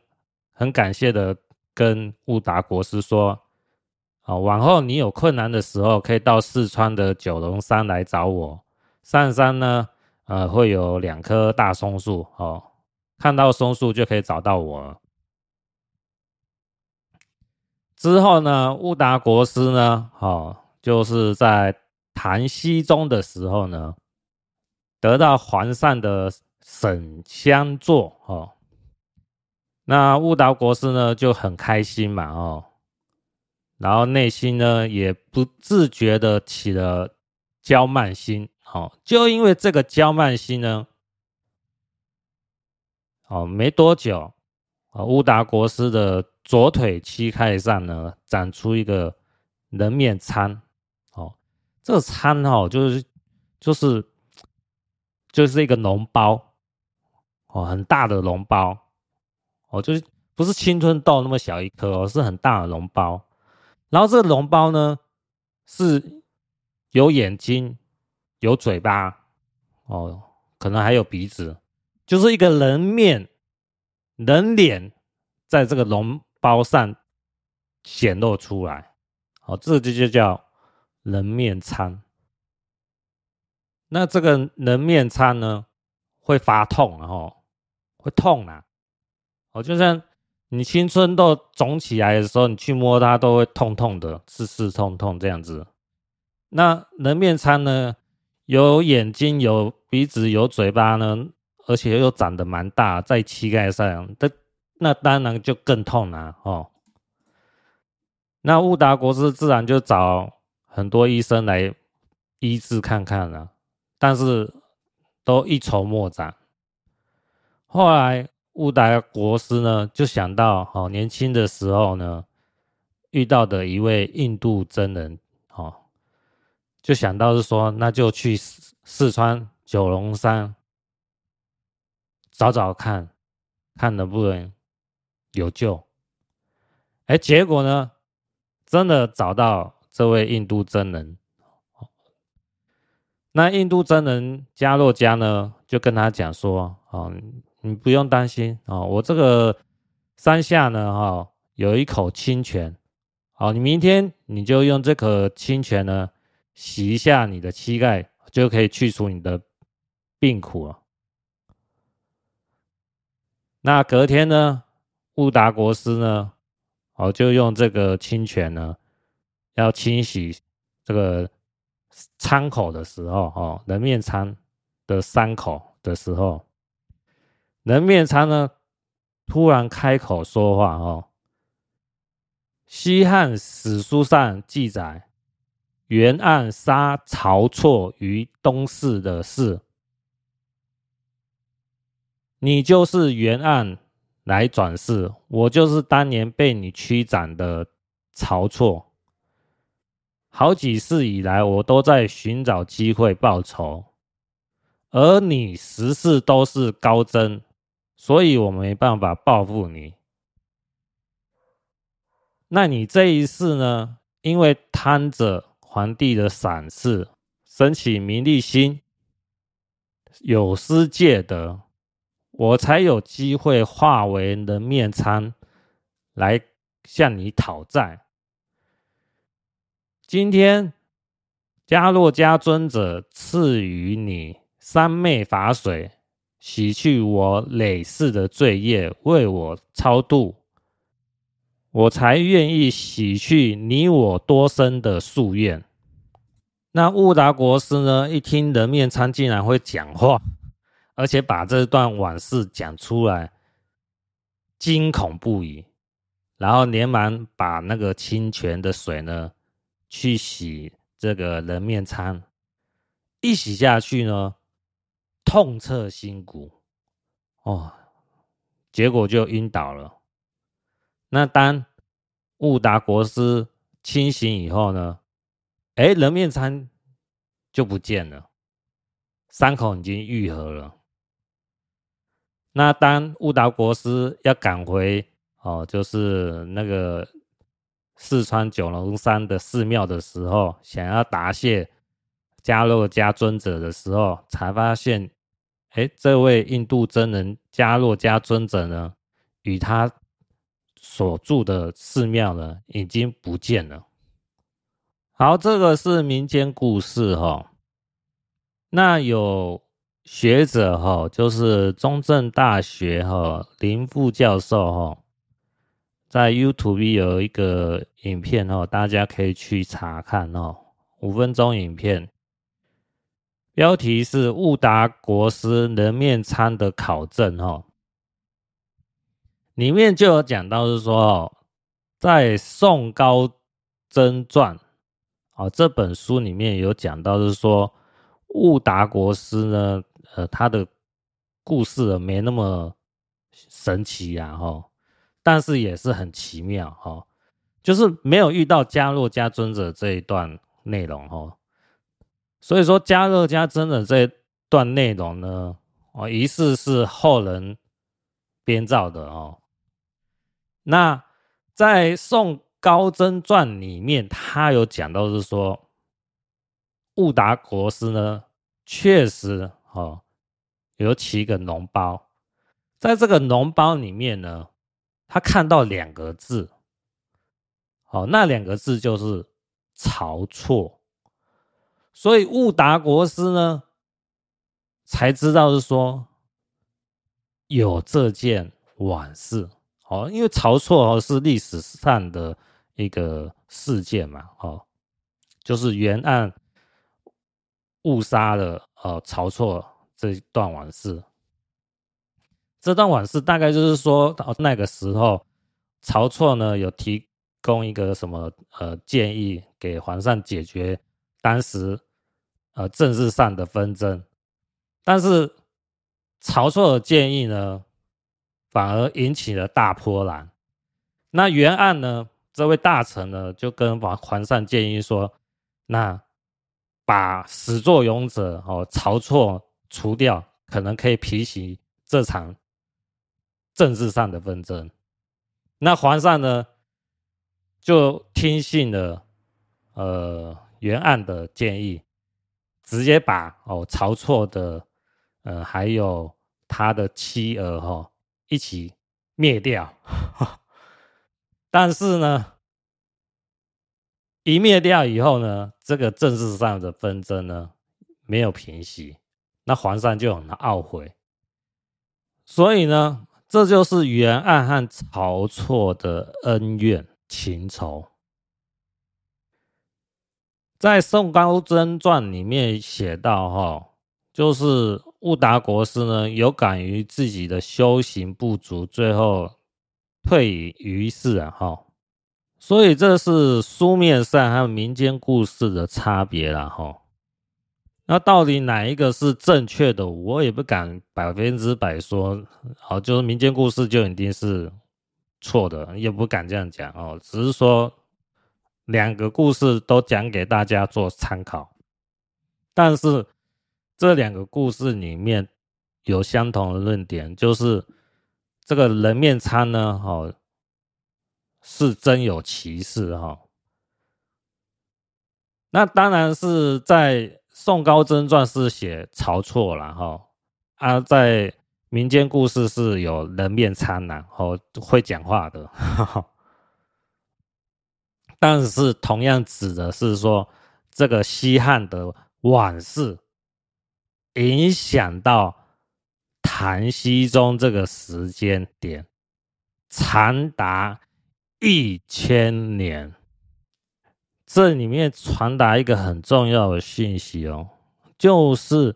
很感謝的跟烏達國師說：“好、哦，往後你有困難的時候，可以到四川的九龍山來找我。上山呢，呃，會有兩棵大松樹，哦。”看到松樹就可以找到我。之後呢，悟達國師呢，哈、哦，就是在唐西宗的時候呢，得到皇上的沉香座，哦。那悟達國師呢就很開心嘛，哦，然後內心呢也不自覺的起了嬌慢心，哦，就因為這個嬌慢心呢。哦，沒多久，啊，烏達國師的左腿膝蓋上呢，長出一個人面瘡，哦，這個瘡哦就是就是就是一個膿包，哦，很大的膿包，哦，就是不是青春痘那麼小一顆，哦，是很大的膿包，然後這個膿包呢是有眼睛，有嘴巴，哦，可能還有鼻子。就是一個人面、人臉，在這個膿包上顯露出來，好，這就就叫人面瘡。那這個人面瘡呢，會發痛，然後會痛啊，哦，就像你青春痘腫起來的時候，你去摸它都會痛痛的，刺刺痛痛這樣子。那人面瘡呢，有眼睛，有鼻子，有嘴巴呢。而且又長得蠻大，在膝蓋上，這那當然就更痛了、啊、哦。那烏達國師自然就找很多醫生來醫治看看了，但是都一籌莫展。後來烏達國師呢，就想到哦，年輕的時候呢遇到的一位印度僧人哦，就想到就是說，那就去四四川九龍山。找找看，看能不能有救。哎，結果呢，真的找到這位印度真人。那印度真人加洛加呢，就跟他講說：“哦，你不用擔心啊、哦，我這個山下呢，哈、哦，有一口清泉。好、哦，你明天你就用這口清泉呢，洗一下你的膝蓋，就可以去除你的病苦了。”那隔天呢，悟達國師呢，哦，就用這個清泉呢，要清洗這個傷口的時候，哦，人面瘡的傷口的時候，人面瘡呢突然開口說話，哦，西漢史書上記載，袁盎殺晁錯於東市的事。你就是冤案來轉世，我就是當年被你驅斬的晁錯。好幾世以來，我都在尋找機會報仇，而你十世都是高僧，所以我沒辦法報復你。那你這一世呢？因為貪着皇帝的賞賜，升起名利心，有失戒德。我才有機會化為人面瘡，來向你討債。今天，迦洛迦尊者賜予你三昧法水，洗去我累世的罪業，為我超度，我才願意洗去你我多生的夙願。那悟達國師呢？一聽人面瘡竟然會講話。而且把這段往事講出來，驚恐不已，然後連忙把那個清泉的水呢，去洗這個人面瘡，一洗下去呢，痛徹心骨，哦，結果就暈倒了。那當悟達國師清醒以後呢，哎、欸，人面瘡就不見了，傷口已經愈合了。那當悟達國師要趕回哦，就是那個四川九龍山的寺廟的時候，想要答謝迦洛迦尊者的時候，才發現，哎、欸，這位印度真人迦洛迦尊者呢，與他所住的寺廟呢，已經不見了。好，這個是民間故事哦。那有。學者哈，就是中正大學哈林副教授哈，在 YouTube 有一個影片，哦，大家可以去查看哦，五分鐘影片，標題是《悟達國師人面參的考證》哦。裡面就有講到是說哦，在《宋高僧傳》啊這本書裡面有講到是說悟達國師呢。呃，他的故事沒那麼神奇，啊，然後，但是也是很奇妙哈，就是沒有遇到迦洛迦尊者這一段內容哈，所以說迦洛迦尊者這段內容呢，哦、啊，疑似是後人編造的哦。那在《宋高僧傳》裡面，他有講到是說，悟達國師呢，確實哦。尤其一個膿包，在這個膿包裡面呢，他看到兩個字，哦，那兩個字就是晁錯，所以悟達國師呢才知道是說有這件往事，哦，因為晁錯哦是歷史上的一個事件嘛，哦，就是袁盎誤殺了呃晁錯。這段往事，這段往事大概就是說，哦、那個時候，晁錯呢有提供一個什麼呃建議給皇上解決當時呃政治上的紛爭，但是晁錯的建議呢，反而引起了大波瀾。那袁盎呢，這位大臣呢就跟皇皇上建議說，那把始作俑者哦，晁錯。除掉，可能可以平息這場政治上的紛爭，那皇上呢就聽信了呃袁盎的建議，直接把哦晁錯的呃還有他的妻兒哈、哦、一起滅掉。 [LAUGHS] 但是呢，一滅掉以後呢，這個政治上的紛爭呢沒有平息。那皇上就很懊悔，所以呢，這就是袁盎和晁錯的恩怨情仇。在《宋高宗傳》裡面寫到、哦，哈，就是悟達國師呢，有感於自己的修行不足，最後退隱於世啊，哈、哦。所以這是書面上還有民間故事的差別了、啊，哈、哦。那到底哪一個是正確的？我也不敢百分之百說，好，就是民間故事就一定是錯的，也不敢這樣講哦。只是說兩個故事都講給大家做參考，但是這兩個故事裡面有相同的論點，就是這個人面餐呢，好是真有其事哈。那當然是在。《宋高僧傳》是寫晁錯，然後啊，在民間故事是有人面瘡和會講話的呵呵，但是同樣指的是說這個西漢的往事，影響到唐僖宗這個時間點，長達一千年。這裡面傳達一個很重要的信息哦，就是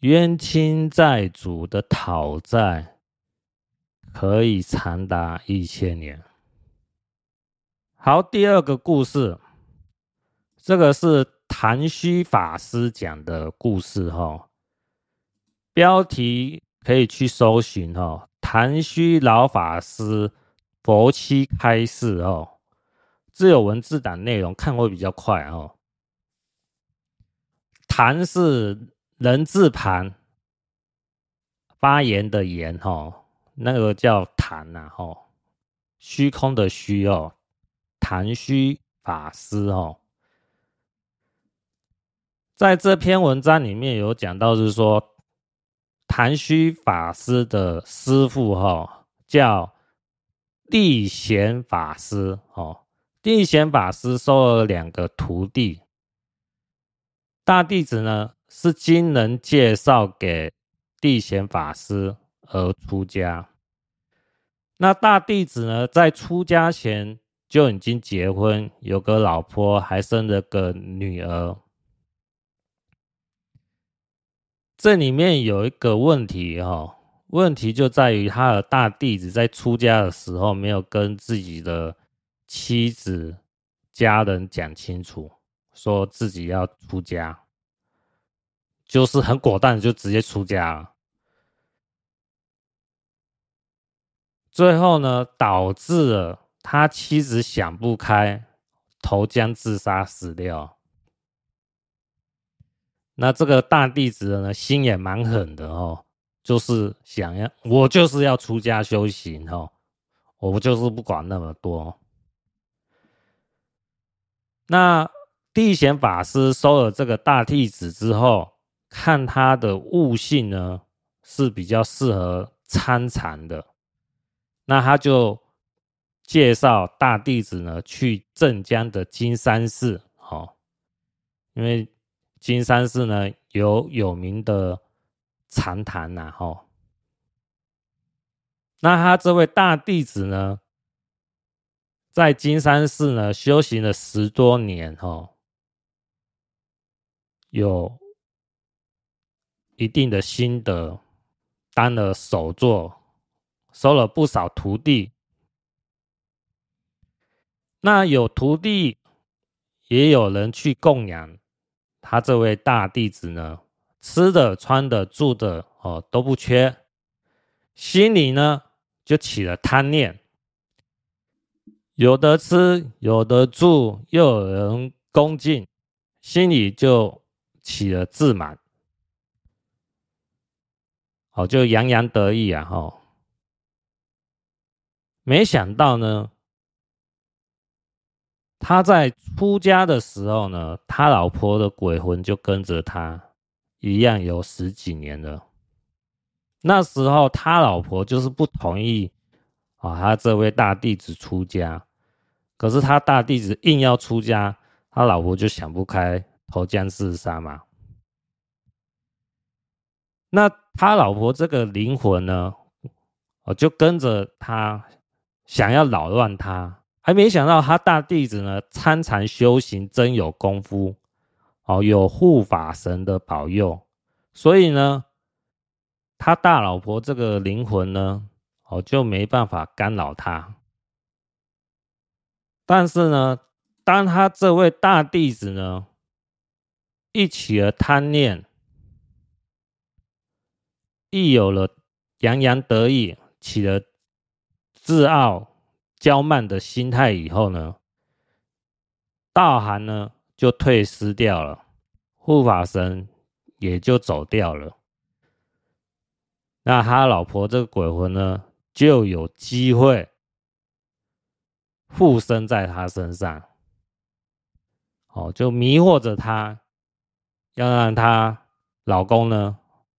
冤親債主的討債可以長達一千年。好，第二個故事，這個是倓虛法師講的故事哈、哦。標題可以去搜尋哦，倓虛老法師佛七開示哦。自有文字檔內容看會比較快哦、啊。倓是人字旁，發言的言哦，那個叫倓啊。哦。虛空的虛哦，倓虛法師哦，在這篇文章裡面有講到，是說倓虛法師的師父哦叫諦閑法師哦。地賢法師收了兩個徒弟，大弟子呢是經人介紹給地賢法師而出家。那大弟子呢，在出家前就已經結婚，有個老婆，還生了個女兒。這裡面有一個問題哈、哦，問題就在於他的大弟子在出家的時候沒有跟自己的。妻子、家人講清楚，說自己要出家，就是很果斷，就直接出家了。最後呢，導致了他妻子想不開，投江自殺死掉。那這個大弟子呢，心也蠻狠的哦，就是想要，我就是要出家修行哦，我不就是不管那麼多。那地賢法師收了這個大弟子之後，看他的悟性呢是比較適合參禪的，那他就介紹大弟子呢去鎮江的金山寺哦，因為金山寺呢有有名的禪堂吶吼，那他這位大弟子呢。在金山寺呢修行了十多年，哦。有一定的心得，當了首座，收了不少徒弟。那有徒弟，也有人去供養他這位大弟子呢，吃的、穿的、住的，哦都不缺，心裡呢就起了貪念。有的吃，有的住，又有人恭敬，心裡就起了自滿，哦，就洋洋得意啊！吼，沒想到呢，他在出家的時候呢，他老婆的鬼魂就跟着他，一樣有十幾年了。那時候他老婆就是不同意啊、哦，他這位大弟子出家。可是他大弟子硬要出家，他老婆就想不開投江自殺嘛。那他老婆這個靈魂呢，哦，就跟着他想要擾亂他，還沒想到他大弟子呢，參禪修行真有功夫哦，有護法神的保佑，所以呢，他大老婆這個靈魂呢，哦，就沒辦法干擾他。但是呢，當他這位大弟子呢，一起了貪念，一有了洋洋得意、起了自傲、驕慢的心態以後呢，道行呢就退失掉了，護法神也就走掉了，那他老婆這個鬼魂呢就有機會。附身在他身上，哦，就迷惑着他，要讓他老公呢，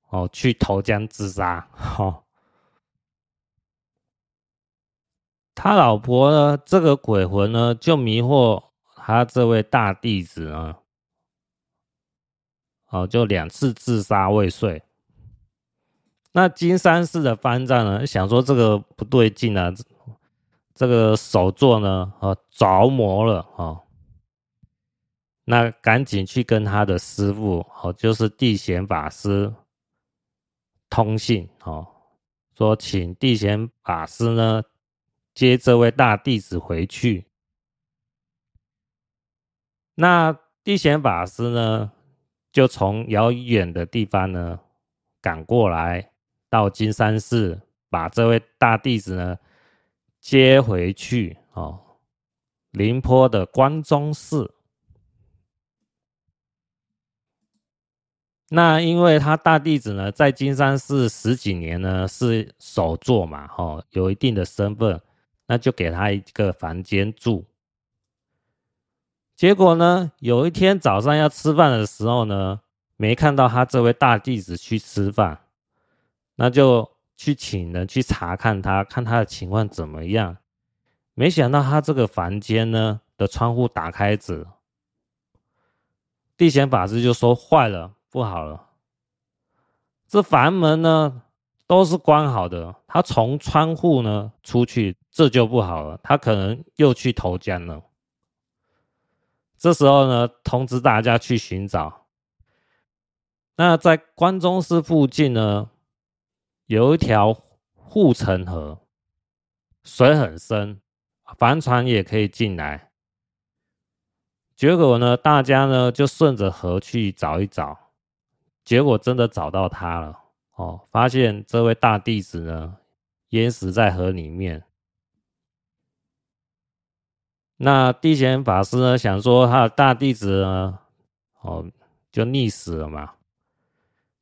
哦，去投江自殺。哦。他老婆呢，這個鬼魂呢，就迷惑他這位大弟子啊，哦，就兩次自殺未遂。那金山寺的方丈呢，想說這個不對勁啊。這個首座呢，啊、哦、着魔了啊、哦，那趕緊去跟他的師父，哦，就是地賢法師，通信，哦，說請地賢法師呢接這位大弟子回去。那地賢法師呢，就從遙遠的地方呢趕過來，到金山寺把這位大弟子呢。接回去哦，林坡的關中寺，那因為他大弟子呢，在金山寺十幾年呢，是首座嘛，哦，有一定的身份，那就給他一個房間住。結果呢，有一天早上要吃飯的時候呢，沒看到他這位大弟子去吃飯，那就。去請人去查看他，看他的情況怎麼樣？沒想到他這個房間呢的窗戶打開着，地顯法師就說：“壞了，不好了！這房門呢都是關好的，他從窗戶呢出去，這就不好了。他可能又去投江了。”這時候呢，通知大家去尋找。那在關中寺附近呢？有一條護城河，水很深，帆船也可以進來。結果呢，大家呢就順着河去找一找，結果真的找到他了。哦，發現這位大弟子呢淹死在河裡面。那地賢法師呢想說他的大弟子呢，哦，就溺死了嘛，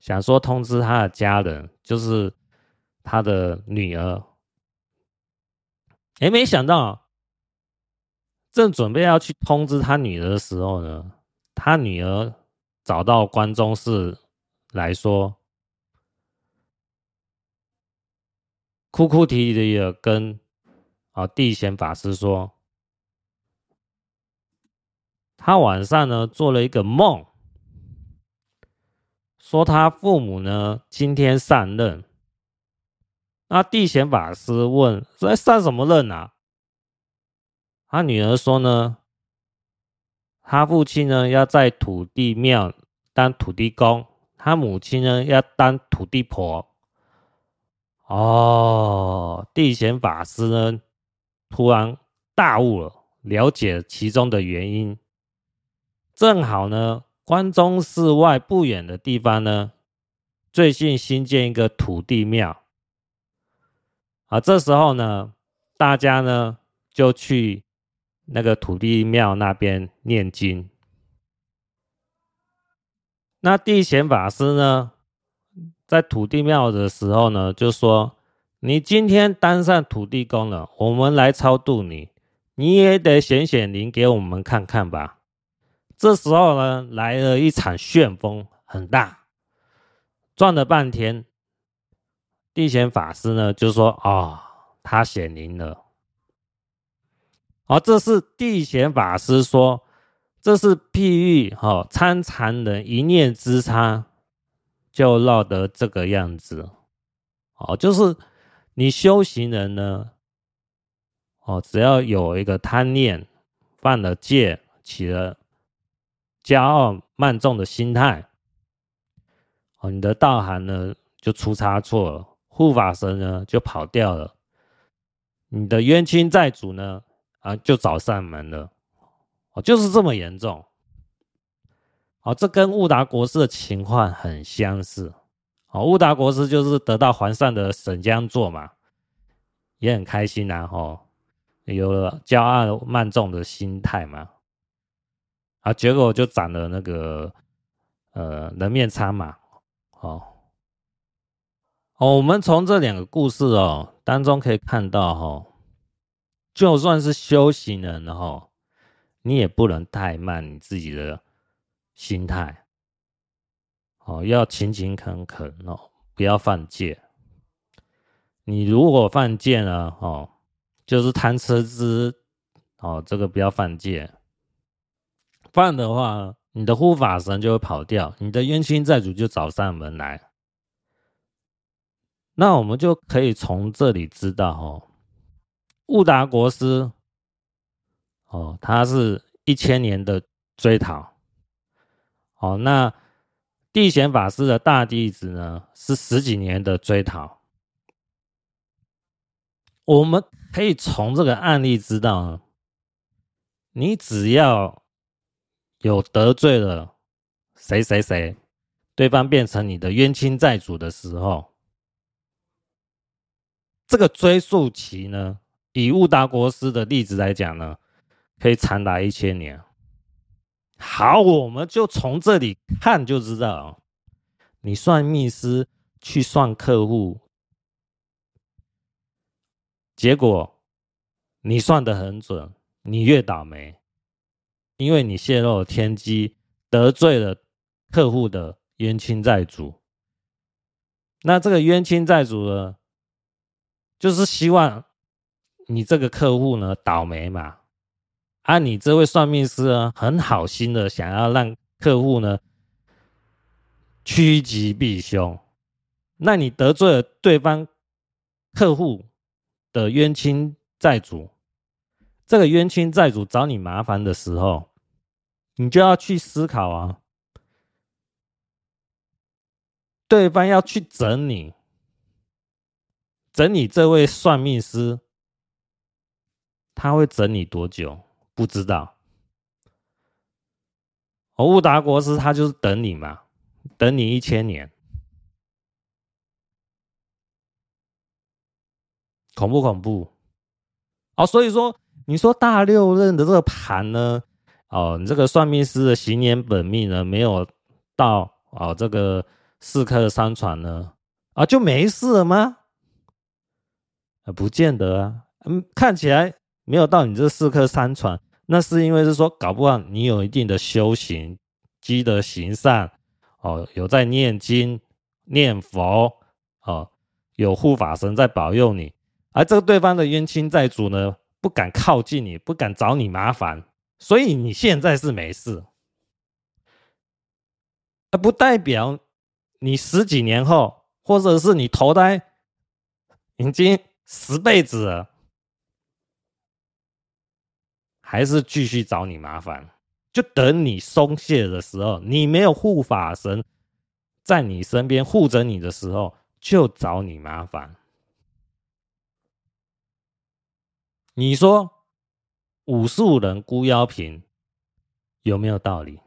想說通知他的家人，就是。他的女兒，哎，沒想到，正準備要去通知他女兒的時候呢，他女兒找到關中寺來說哭哭啼啼啼的也跟啊地賢法師說，他晚上呢做了一個夢，說他父母呢今天上任。那、啊、地賢法師問：「在上什麼任啊？」他女兒說：「呢，他父親呢要在土地廟當土地公，他母親呢要當土地婆。」哦，地賢法師呢突然大悟了，了解了其中的原因。正好呢，關中寺外不遠的地方呢，最近新建一個土地廟。啊，這時候呢，大家呢就去那個土地廟那邊念經。那地顯法師呢，在土地廟的時候呢，就說：“你今天當上土地公了，我們來超度你，你也得顯顯靈給我們看看吧。”這時候呢，來了一場旋風，很大，轉了半天。地賢法師呢，就說：“啊、哦，他顯靈了。”哦，這是地賢法師說：“這是譬喻，哈、哦，參禪人一念之差就鬧得這個樣子。”哦，就是你修行人呢，哦，只要有一個貪念，犯了戒，起了驕傲慢重的心態，哦，你的道行呢就出差錯了。護法神呢就跑掉了，你的冤親債主呢啊就找上門了，哦，就是這麼嚴重，哦，這跟悟達國師的情況很相似，哦，悟達國師就是得到皇上的沈江座嘛，也很開心，然後，啊，有了驕傲慢縱的心態嘛，啊，結果就長了那個呃人面瘡嘛，哦。哦，我們從這兩個故事哦當中可以看到，哦，就算是修行人，哈、哦，你也不能怠慢你自己的心態。哦，要勤勤懇懇哦，不要犯戒。你如果犯戒了，哦，就是貪嗔痴，哦，這個不要犯戒。犯的話，你的護法神就會跑掉，你的冤親債主就找上門來。那我們就可以從這裡知道，哦，悟達國師，哦，他是一千年的追討，哦，那地賢法師的大弟子呢是十幾年的追討。我們可以從這個案例知道，你只要有得罪了誰誰誰，對方變成你的冤親債主的時候。這個追溯期呢，以悟達國師的例子來講呢，可以長達一千年。好，我們就從這裡看就知道，你算命師，去算客戶，結果你算得很準，你越倒霉，因為你洩露了天機，得罪了客戶的冤親債主。那這個冤親債主呢，就是希望你這個客戶呢，倒霉嘛，啊，你這位算命師啊，很好心的想要讓客戶呢趨吉避凶，那你得罪了對方客戶的冤親債主，這個冤親債主找你麻煩的時候，你就要去思考啊，對方要去整你。整你這位算命師，他會整你多久？不知道。哦，悟達國師他就是等你嘛，等你一千年，恐不恐怖！哦，所以說，你說大六壬的這個盤呢，哦，你這個算命師的行年本命呢，沒有到哦這個四克三傳呢，啊、哦，就沒事了嗎？啊、不見得啊，嗯，看起來沒有到你這四顆三傳，那是因為是說搞不好你有一定的修行，積德行善，哦，有在念經念佛，哦，有護法神在保佑你，而、啊、這個對方的冤親債主呢，不敢靠近你，不敢找你麻煩，所以你現在是沒事，那、啊、不代表你十幾年後，或者是你投胎，已經。十輩子了，還是繼續找你麻煩，就等你鬆懈的時候，你沒有護法神在你身邊護着你的時候，就找你麻煩。你說“五術人孤夭貧”有沒有道理？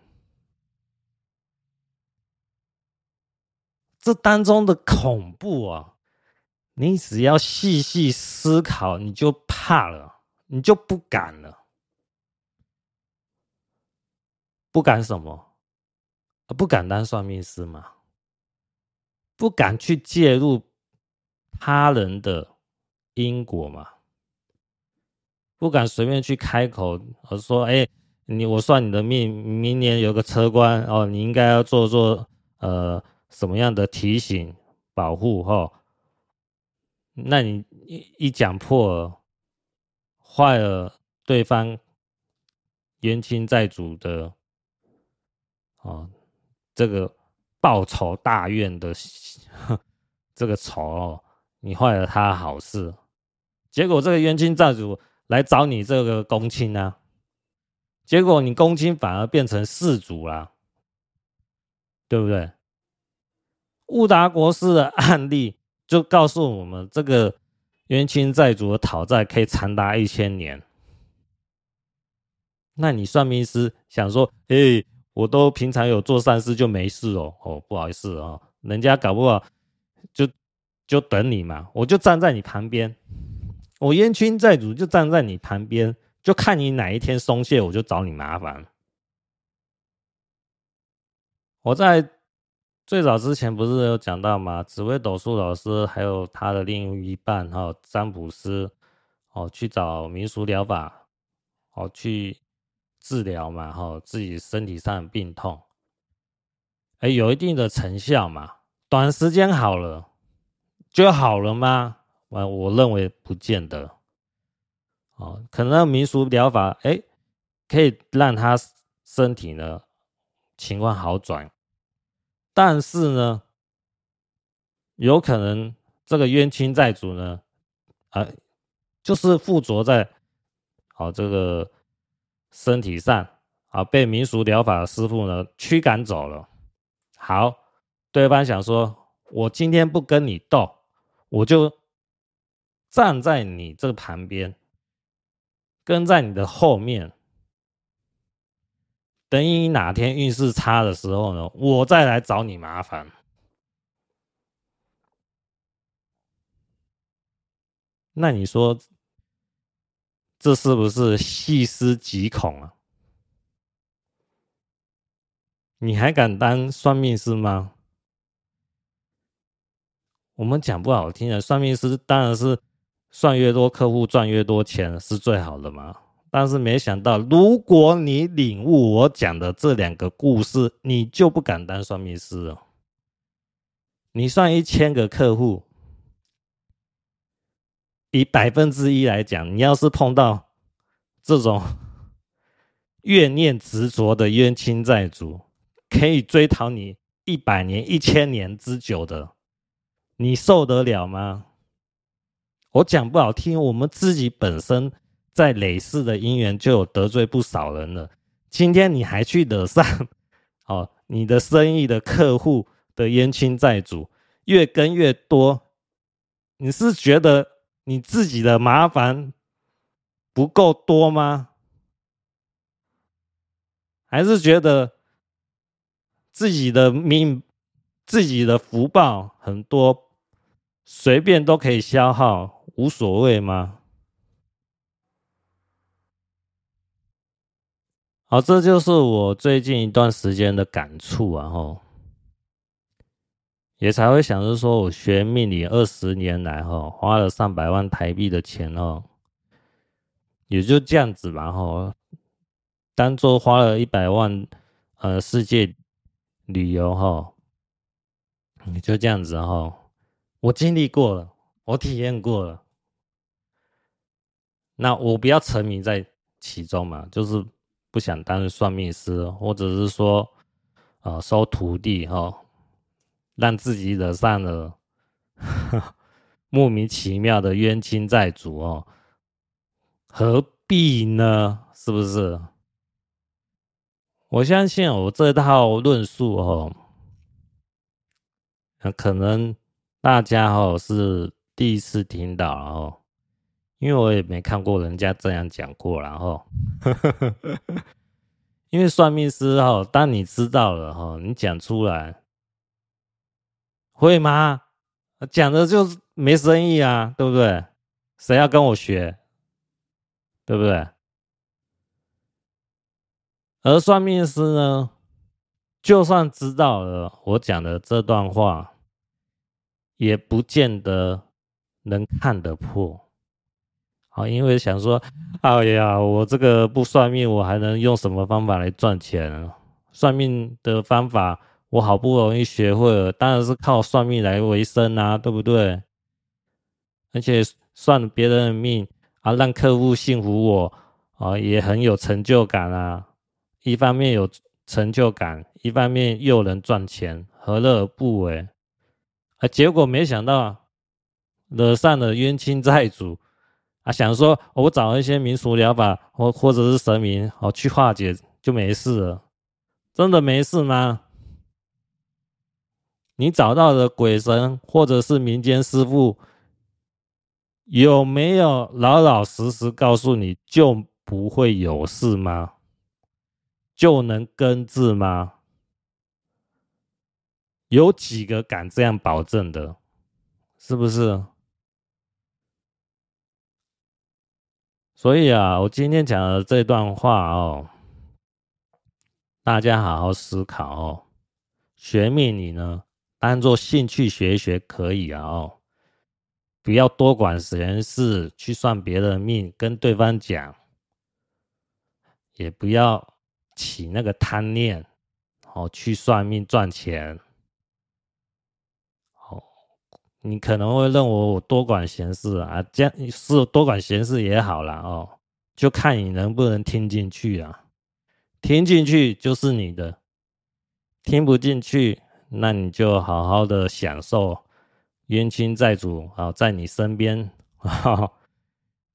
這當中的恐怖啊！你只要細細思考，你就怕了，你就不敢了。不敢什麼？不敢當算命師嘛？不敢去介入他人的因果嘛？不敢隨便去開口，而說：“哎、欸，你我算你的命，明年有個車關哦，你應該要做做呃什麼樣的提醒保護？”哦。那你一一講破了，壞了對方冤親債主的啊、哦，這個報仇大怨的這個仇、哦，你壞了他的好事，結果這個冤親債主來找你這個公親啊，結果你公親反而變成事主啦，對不對？悟達國師的案例。就告訴我們，這個冤親債主的討債可以長達一千年。那你算命師想說，哎，我都平常有做善事就沒事哦，哦，不好意思哦，人家搞不好就就等你嘛，我就站在你旁邊，我冤親債主就站在你旁邊，就看你哪一天鬆懈，我就找你麻煩。我在。最早之前不是有講到嗎？紫微斗數老師還有他的另一半、哦，還有占卜師，哦，去找民俗療法，哦，去治療嘛，哈、哦，自己身體上的病痛，哎，有一定的成效嘛，短時間好了，就好了嗎？我我認為不見得，哦，可能民俗療法，哎，可以讓他身體呢情況好轉。但是呢，有可能這個冤親債主呢，啊、呃，就是附着在好、哦、這個身體上啊，被民俗療法的師傅呢驅趕走了。好，對方想說，我今天不跟你鬥，我就站在你這個旁邊，跟在你的後面。等你哪天運勢差的時候呢，我再來找你麻煩。那你說這是不是細思極恐啊？你還敢當算命師嗎？我們講不好聽的，算命師當然是算越多客戶賺越多錢是最好的嘛。但是沒想到，如果你領悟我講的這兩個故事，你就不敢當算命師了。你算一千個客戶，以百分之一來講，你要是碰到這種怨念執着的冤親債主，可以追討你一百年、一千年之久的，你受得了嗎？我講不好聽，我們自己本身。在累世的因緣就有得罪不少人了。今天你還去惹上哦？你的生意的客戶的冤親債主越跟越多，你是覺得你自己的麻煩不夠多嗎？還是覺得自己的命、自己的福報很多，隨便都可以消耗，無所謂嗎？好，這就是我最近一段時間的感觸啊！吼，也才會想着說，我學命理二十年來，吼，花了上百萬台幣的錢，哦。也就這樣子吧！吼，當做花了一百萬，呃，世界旅遊，吼，也就這樣子，吼，我經歷過了，我體驗過了，那我不要沉迷在其中嘛，就是。不想當算命師，或者是說，啊、呃、收徒弟哈，讓自己惹上了莫名其妙的冤親債主哦，何必呢？是不是？我相信我這套論述哦、呃，可能大家哦是第一次聽到哦。因為我也沒看過人家這樣講過，然後， [LAUGHS] 因為算命師哈，當你知道了，你講出來，會嗎？講的就沒生意啊，對不對？誰要跟我學，對不對？而算命師呢，就算知道了我講的這段話，也不見得能看得破。好，因為想說，哎呀，我這個不算命，我還能用什麼方法來賺錢呢？算命的方法我好不容易學會了，當然是靠算命來維生啊，對不對？而且算別人的命啊，讓客戶信服我啊，也很有成就感啊。一方面有成就感，一方面又能賺錢，何樂而不為？啊，結果沒想到，惹上了冤親債主。啊，想說我找一些民俗療法，或或者是神明，好去化解就沒事了。真的沒事嗎？你找到的鬼神或者是民間師傅，有沒有老老實實告訴你就不會有事嗎？就能根治嗎？有幾個敢這樣保證的？是不是？所以啊，我今天講的這段話哦，大家好好思考哦。學命理呢，當做興趣學一學可以啊哦，不要多管閒事去算別人的命，跟對方講，也不要起那個貪念哦，去算命賺錢。你可能會認為我多管閒事啊，這、啊、樣是多管閒事也好啦哦，就看你能不能聽進去啊，聽進去就是你的，聽不進去，那你就好好的享受冤親債主啊、哦、在你身邊、哦，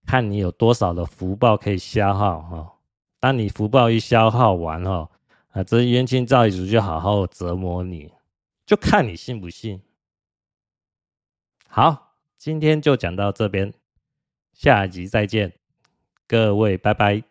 看你有多少的福報可以消耗哈、哦，當你福報一消耗完哦，啊這冤親債主就好好折磨你，就看你信不信。好，今天就講到這邊，下集再見，各位拜拜。